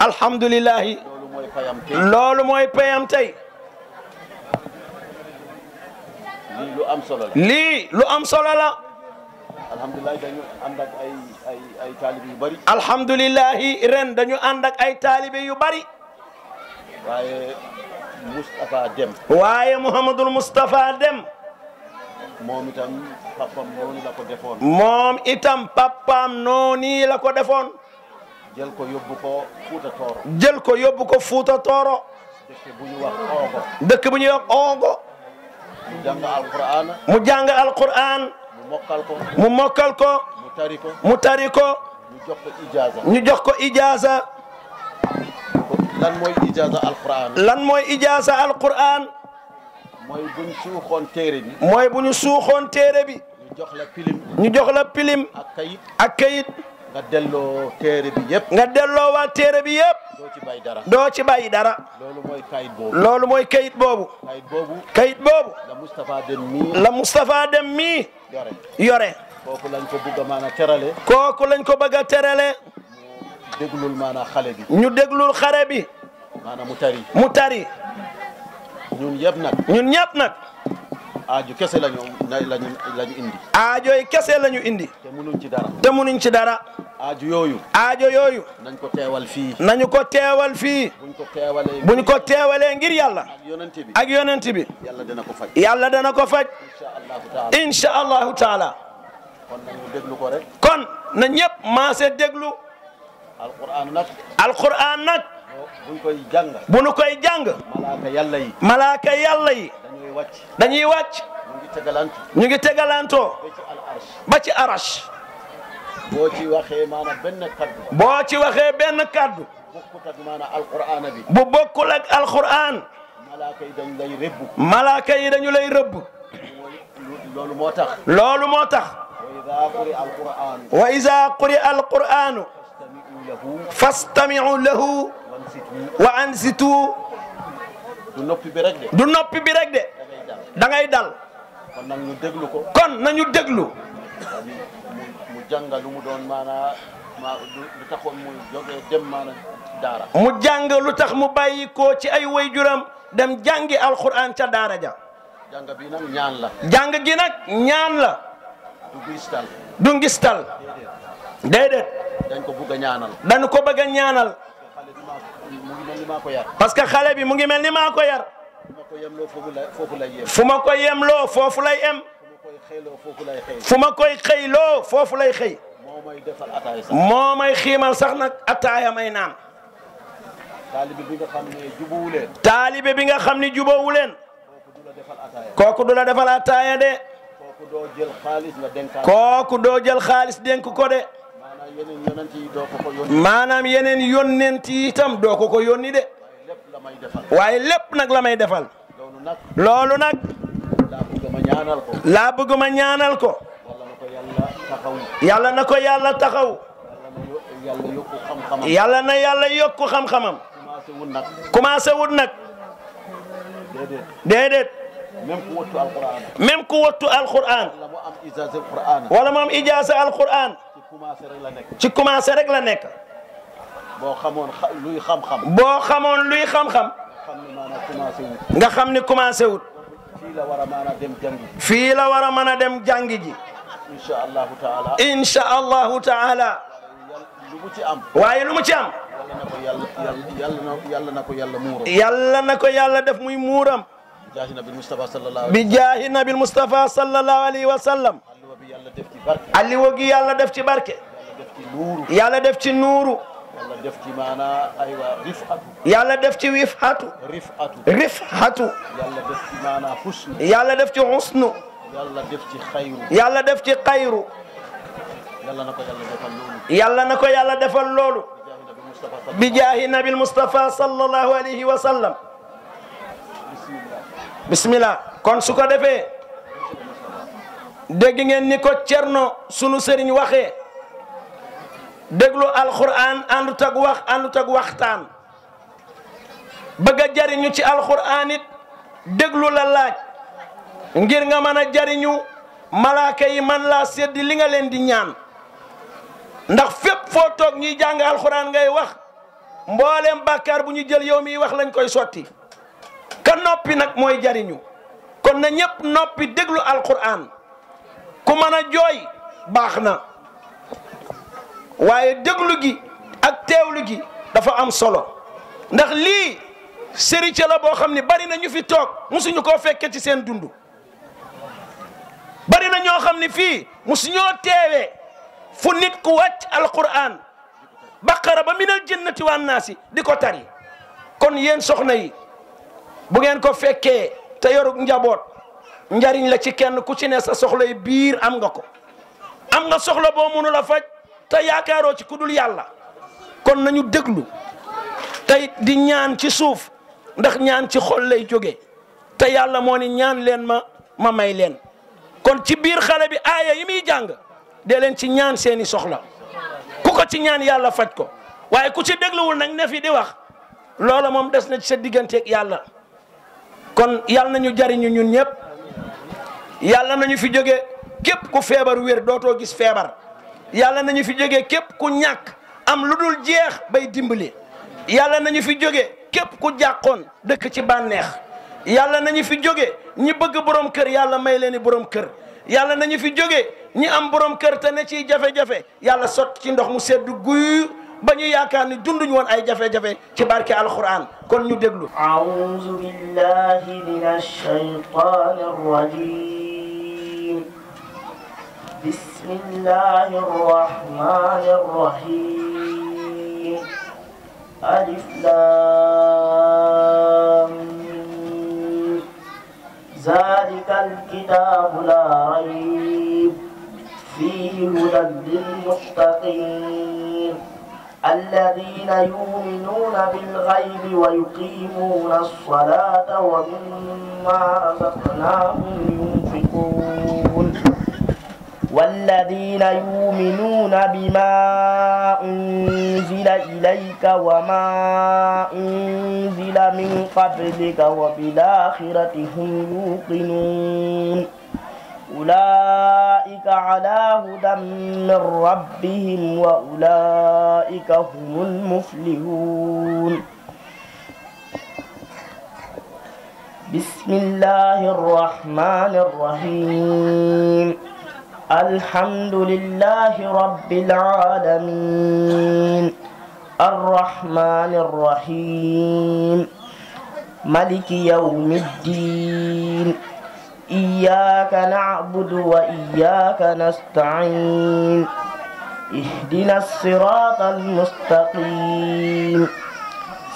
alhamdulilah alhamdulilah. loolu mooy payam tey loolu mooy payam tey. lii lu am solo la lii lu am solo la. alhamdulilah dañu ànd ak ay ay ay taalibe yu bari. alhamdulilah ren dañu ànd ak ay taalibe yu bari. waaye Moustapha Dem. waaye Mouhamadul Moustapha Dem. moom itam. moom itam papaam noonu la ko defoon. jël ko yóbbu ko Fuuta Tooro. jël ko yóbbu ko Fuuta bu ñuy wax Ongo. dëkk bu ñuy wax Ongo. mu jàng Alqur'aan. mu jàng mu mokkal ko. mu tari ko. ñu jox ko ñu jox ko Ijaasa. lan mooy Ijaasa Alqur'aan. lan moy buñu suxon téré bi. mooy bu ñu suuxoon bi. ñu jox la film ñu jox la pilim. ak kayit nga delloo téere bi yëpp. nga ci bàyyi dara. doo ci kayit boobu. kayit boobu. la Moustapha Dem mii. yore yore. lañ ko bëgg a maanaam terale. lañ ko bëgg a ñu déglul maanaam xale bi. ñu déglul xale bi. maanaam mu tari. ñun yëpp nag. ñun ñëpp nag. aaju kese lañu lañu lañu indi. aajooy kese lañu indi. te ci dara. te munuñ ci dara. aaju yooyu. aajo yooyu. nañ ko teewal fii. nañu ko teewal fii. buñ ko teewalee. buñ ko teewalee ngir yàlla. ak yonent bi ak yonent bi. yàlla dana ko faj. yàlla dana ko faj. incha allahu taala. kon nañu déglu ko rek. kon na ñëpp maase déglu. alquran nag. alquran bunu koy jàng malaaka yàlla yi dañuy wàcc ñu ngi tegalanto ba ci arash bo ci waxe mana ben kaddu bo ci waxe ben kaddu alquran bu malaaka yi dañu lay rëbb malaaka yi dañu wa iza quri alquran fastami'u lahu wa ansitu du nopi bi rek de. du nopi bi rek de da ngay dal. kon nañu deglu ko. kon nañu déglu. mu jàng lu mu doon mana ma lu taxoon mu joge dem mana dara mu jàng lu tax mu bayiko ko ci ay wayjuram dem jangi alquran ca dara ja. jang bi nak ñaan la. jang gi nak ñaan la. du gistal du gistal déedéet. dañ ko bëgg ñaanal. dañ ko bëgg ñaanal. parce que xale bi mu ngi mel ni maa ko yar fu ma ko yemloo foofu lay em fu ma koy loo foofu lay xëy moo may xiimal sax nag ataaya may naan taalibe bi nga xam ne jubóowu leen taalibe bi nga xam ne jubóowu leen kooku du la defal ataaya de kooku doo jël xaalis dénk ko de maanaam yeneen yonent yi itam doo ko ko yónni de waaye lépp nag la may defal loolu nag laa bëgg ma ñaanal ko yàlla na ko yàlla taxaw yàlla na yàlla yokku xam-xamam commencé wut nag déedéet même ku wattu alquran wala moom ijaasa alquran ci commencé rek la nek bo xamone luy xam-xam. bo xamone luy xam-xam. nga xamni ni commencé wut. fi la wara mana dem jàngi. fi la wara mana dem jàngi ji. incha allahu taala. incha allahu taala. lu lu mu ci am. yàlla na yàlla def muy muuram. bi jaahi nabil Mustafa sallallahu alayhi wa alli wogi yàlla def ci barke yàlla def ci nuuru yàlla def ci maana aywa rifatu yàlla def ci wifatu rifatu rifatu yàlla def ci maana husnu yàlla def ci husnu yàlla def ci xayru yàlla def ci xayru yàlla na ko yàlla defal loolu yàlla na ko yàlla defal loolu bi jaahi nabil Mustafa sallallahu alayhi wa sallam bismillah kon su ko defee deg ngeen ni ko cerno sunu sëriñ waxe deglu alquran àndut ak wax àndut ak waxtan bëgg a jariñu ci alquran it deglu la laaj ngir nga mën a jariñu malaaka yi man la seddi li nga leen di ñaan ndax fepp fo tok ñi jang alquran ngay wax mbollem bakkar bu ñu jël yow mi wax lañ koy soti ka nopi nak moy jariñu kon na ñepp nopi deglu alquran ku mana joy baxna waye deglu gi ak tewlu gi dafa am solo ndax seri ci la bo xamni bari na ñu fi toog musuñu ko fekke ci seen dundu bari na ño xamni fi fii musuñoo fu nit ku wacc alquran baqara ba minal jannati wan nasi di kotari. tari kon yen soxna yi bu ngeen ko fekke te yoru njabot njariñ la ci kenn ku ci ne sa soxlay biir am nga ko am nga soxla boo mënul a faj te yaakaaroo ci ku dul yàlla kon nañu déglu tey di ñaan ci suuf ndax ñaan ci xol jóge te yàlla moo ni ñaan leen ma ma may leen kon ci biir xale bi aaya yi muy jàng dee leen ci ñaan seeni soxla ku ko ci ñaan yàlla faj ko waaye ku ci dégluwul nag ne fi di wax loola moom des na ci sa digganteek yàlla kon yàlla nañu jariñu ñun ñëpp yàlla na nañu fi jóge képp ku feebar wér dootoo gis feebar yàlla nañu fi jóge képp ku ñàkk am lu dul jeex bay dimbali yàlla nañu fi jóge képp ku jàqoon dëkk ci bànneex yàlla nañu fi jóge ñi bëgg borom kër yàlla may leen i borom kër yàlla nañu fi jóge ñi am borom kër te ne ciy jafe-jafe yàlla sott ci ndox mu sedd guy ba ñu yaakaar ni dunduñu woon ay jafe-jafe ci barke alquran kon ñu déglu aouzu billahi minash shaytanir rajim bismillahir rahmanir rahim alif lam zalikal kitabu la rayb fihi hudan lil muttaqin الذين يؤمنون بالغيب ويقيمون الصلاة ومما رزقناهم ينفقون والذين يؤمنون بما أنزل إليك وما أنزل من قبلك وبالآخرة هم يوقنون أولئك على هدى من ربهم وأولئك هم المفلحون بسم الله الرحمن الرحيم الحمد لله رب العالمين الرحمن الرحيم ملك يوم الدين إياك نعبد وإياك نستعين اهدنا الصراط المستقيم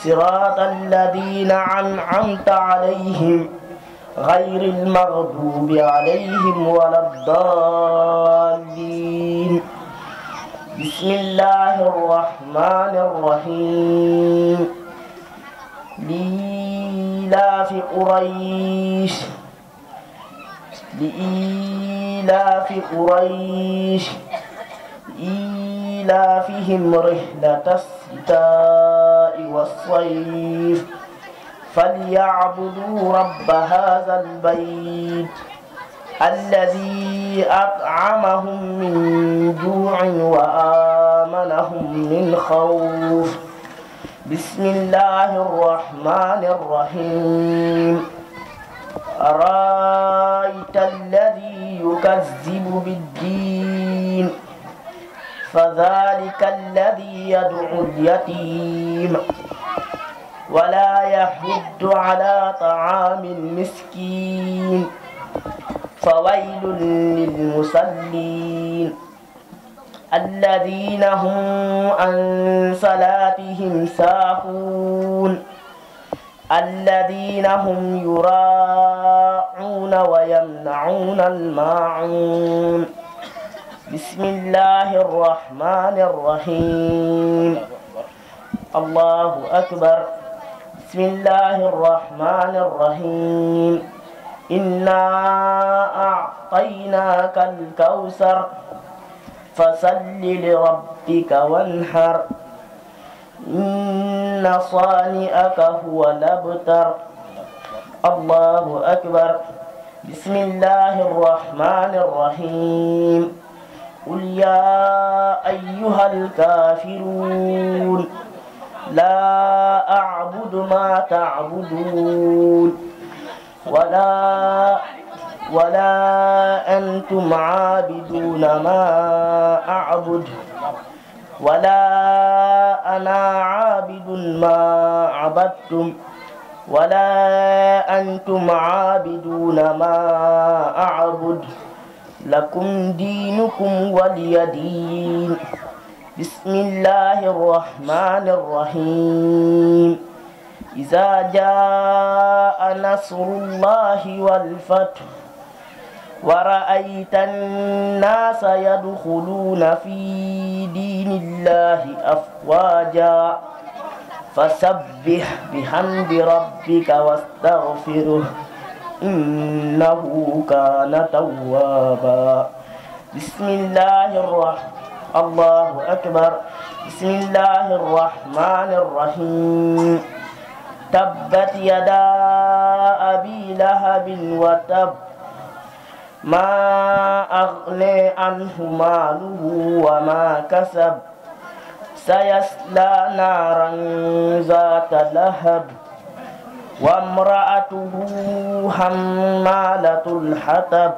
صراط الذين أنعمت عليهم غير المغضوب عليهم ولا الضالين بسم الله الرحمن الرحيم لإيلاف قريش لإيلاف قريش إيلافهم رحلة الشتاء والصيف فليعبدوا رب هذا البيت الذي أطعمهم من جوع وآمنهم من خوف بسم الله الرحمن الرحيم أرأيت الذي يكذب بالدين فذلك الذي يدعو اليتيم ولا يحد على طعام المسكين فويل للمصلين الذين هم عن صلاتهم ساهون الذين هم يراعون ويمنعون الماعون بسم الله الرحمن الرحيم الله أكبر بسم الله الرحمن الرحيم إنا أعطيناك الكوثر فصل لربك وانحر إن صانئك هو الأبتر الله أكبر بسم الله الرحمن الرحيم قل يا أيها الكافرون لا أعبد ما تعبدون ولا ولا أنتم عابدون ما أعبد ولا أنا عابد ما عبدتم ولا أنتم عابدون ما أعبد لكم دينكم ولي دين بسم الله الرحمن الرحيم إذا جاء نصر الله والفتح ورأيت الناس يدخلون في دين الله أفواجا فسبح بحمد ربك واستغفره إنه كان توابا بسم الله الرحمن الله أكبر بسم الله الرحمن الرحيم تبت يدا أبي لهب وتب ما أغني عنه ماله وما كسب سيسلى نارا ذات لهب وامرأته حمالة الحطب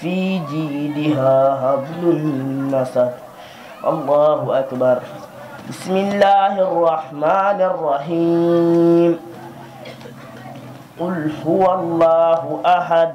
في جيدها حبل النسب الله أكبر بسم الله الرحمن الرحيم قل هو الله أحد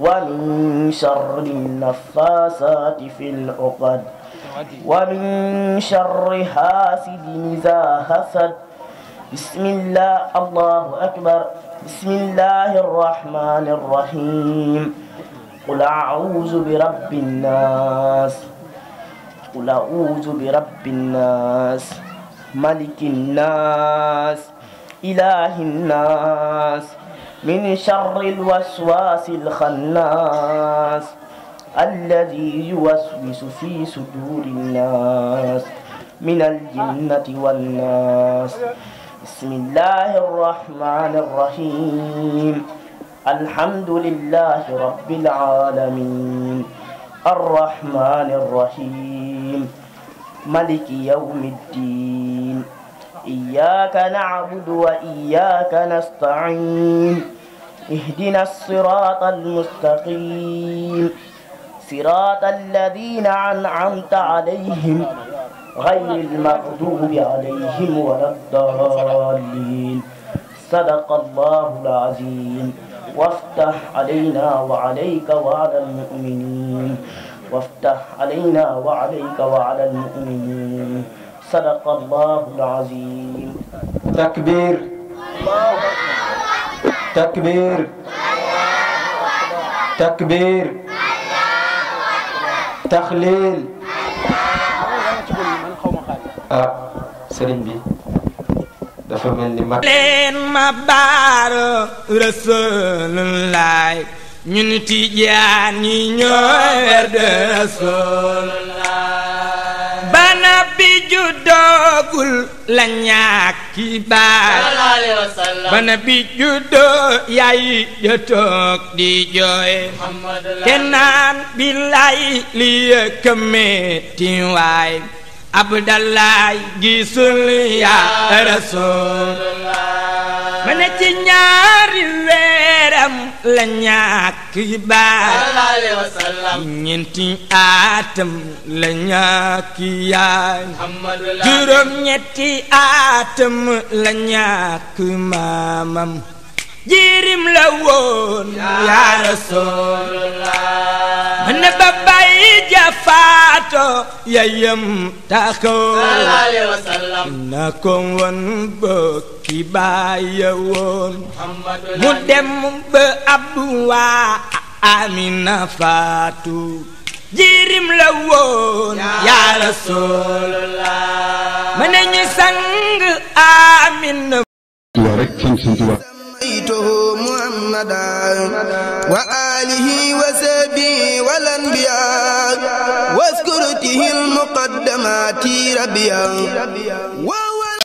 ومن شر النفاسات في العقد ومن شر حاسد إذا حسد بسم الله الله أكبر بسم الله الرحمن الرحيم قل أعوذ برب الناس قل أعوذ برب الناس ملك الناس إله الناس من شر الوسواس الخناس الذي يوسوس في صدور الناس من الجنة والناس بسم الله الرحمن الرحيم الحمد لله رب العالمين الرحمن الرحيم ملك يوم الدين إياك نعبد وإياك نستعين اهدنا الصراط المستقيم صراط الذين أنعمت عليهم غير المغضوب عليهم ولا الضالين صدق الله العظيم وافتح علينا وعليك وعلى المؤمنين وافتح علينا وعليك وعلى المؤمنين sadaqa allahul azim takbir takbir takbir taxlil ah sëriñ bi dafa mel ni mag leen ma baara rasulullaay juddoogul la ñàkki baat ba nabi juddoo yaay ja toog di jooy te naan billaay li yëkka metti waay abdallaay gisul yaa rasulallah ma ne ci ñaari weeram la ñàkk yi baat ñeenti atam la ñàkk yaay juróom ñetti atam la ñàkk maamam jirim la woon yaa rasulallah mën na ba bàyyi jafaato yayam taxaw sallallahu alayhi na ko woon bokki bàyyi woon mu dem ba abduwaa amina faatu jirim la woon yaa rasulallah mën nañu sang amina نبيته محمدا وآله وسبي والأنبياء واذكرته المقدمات ربيا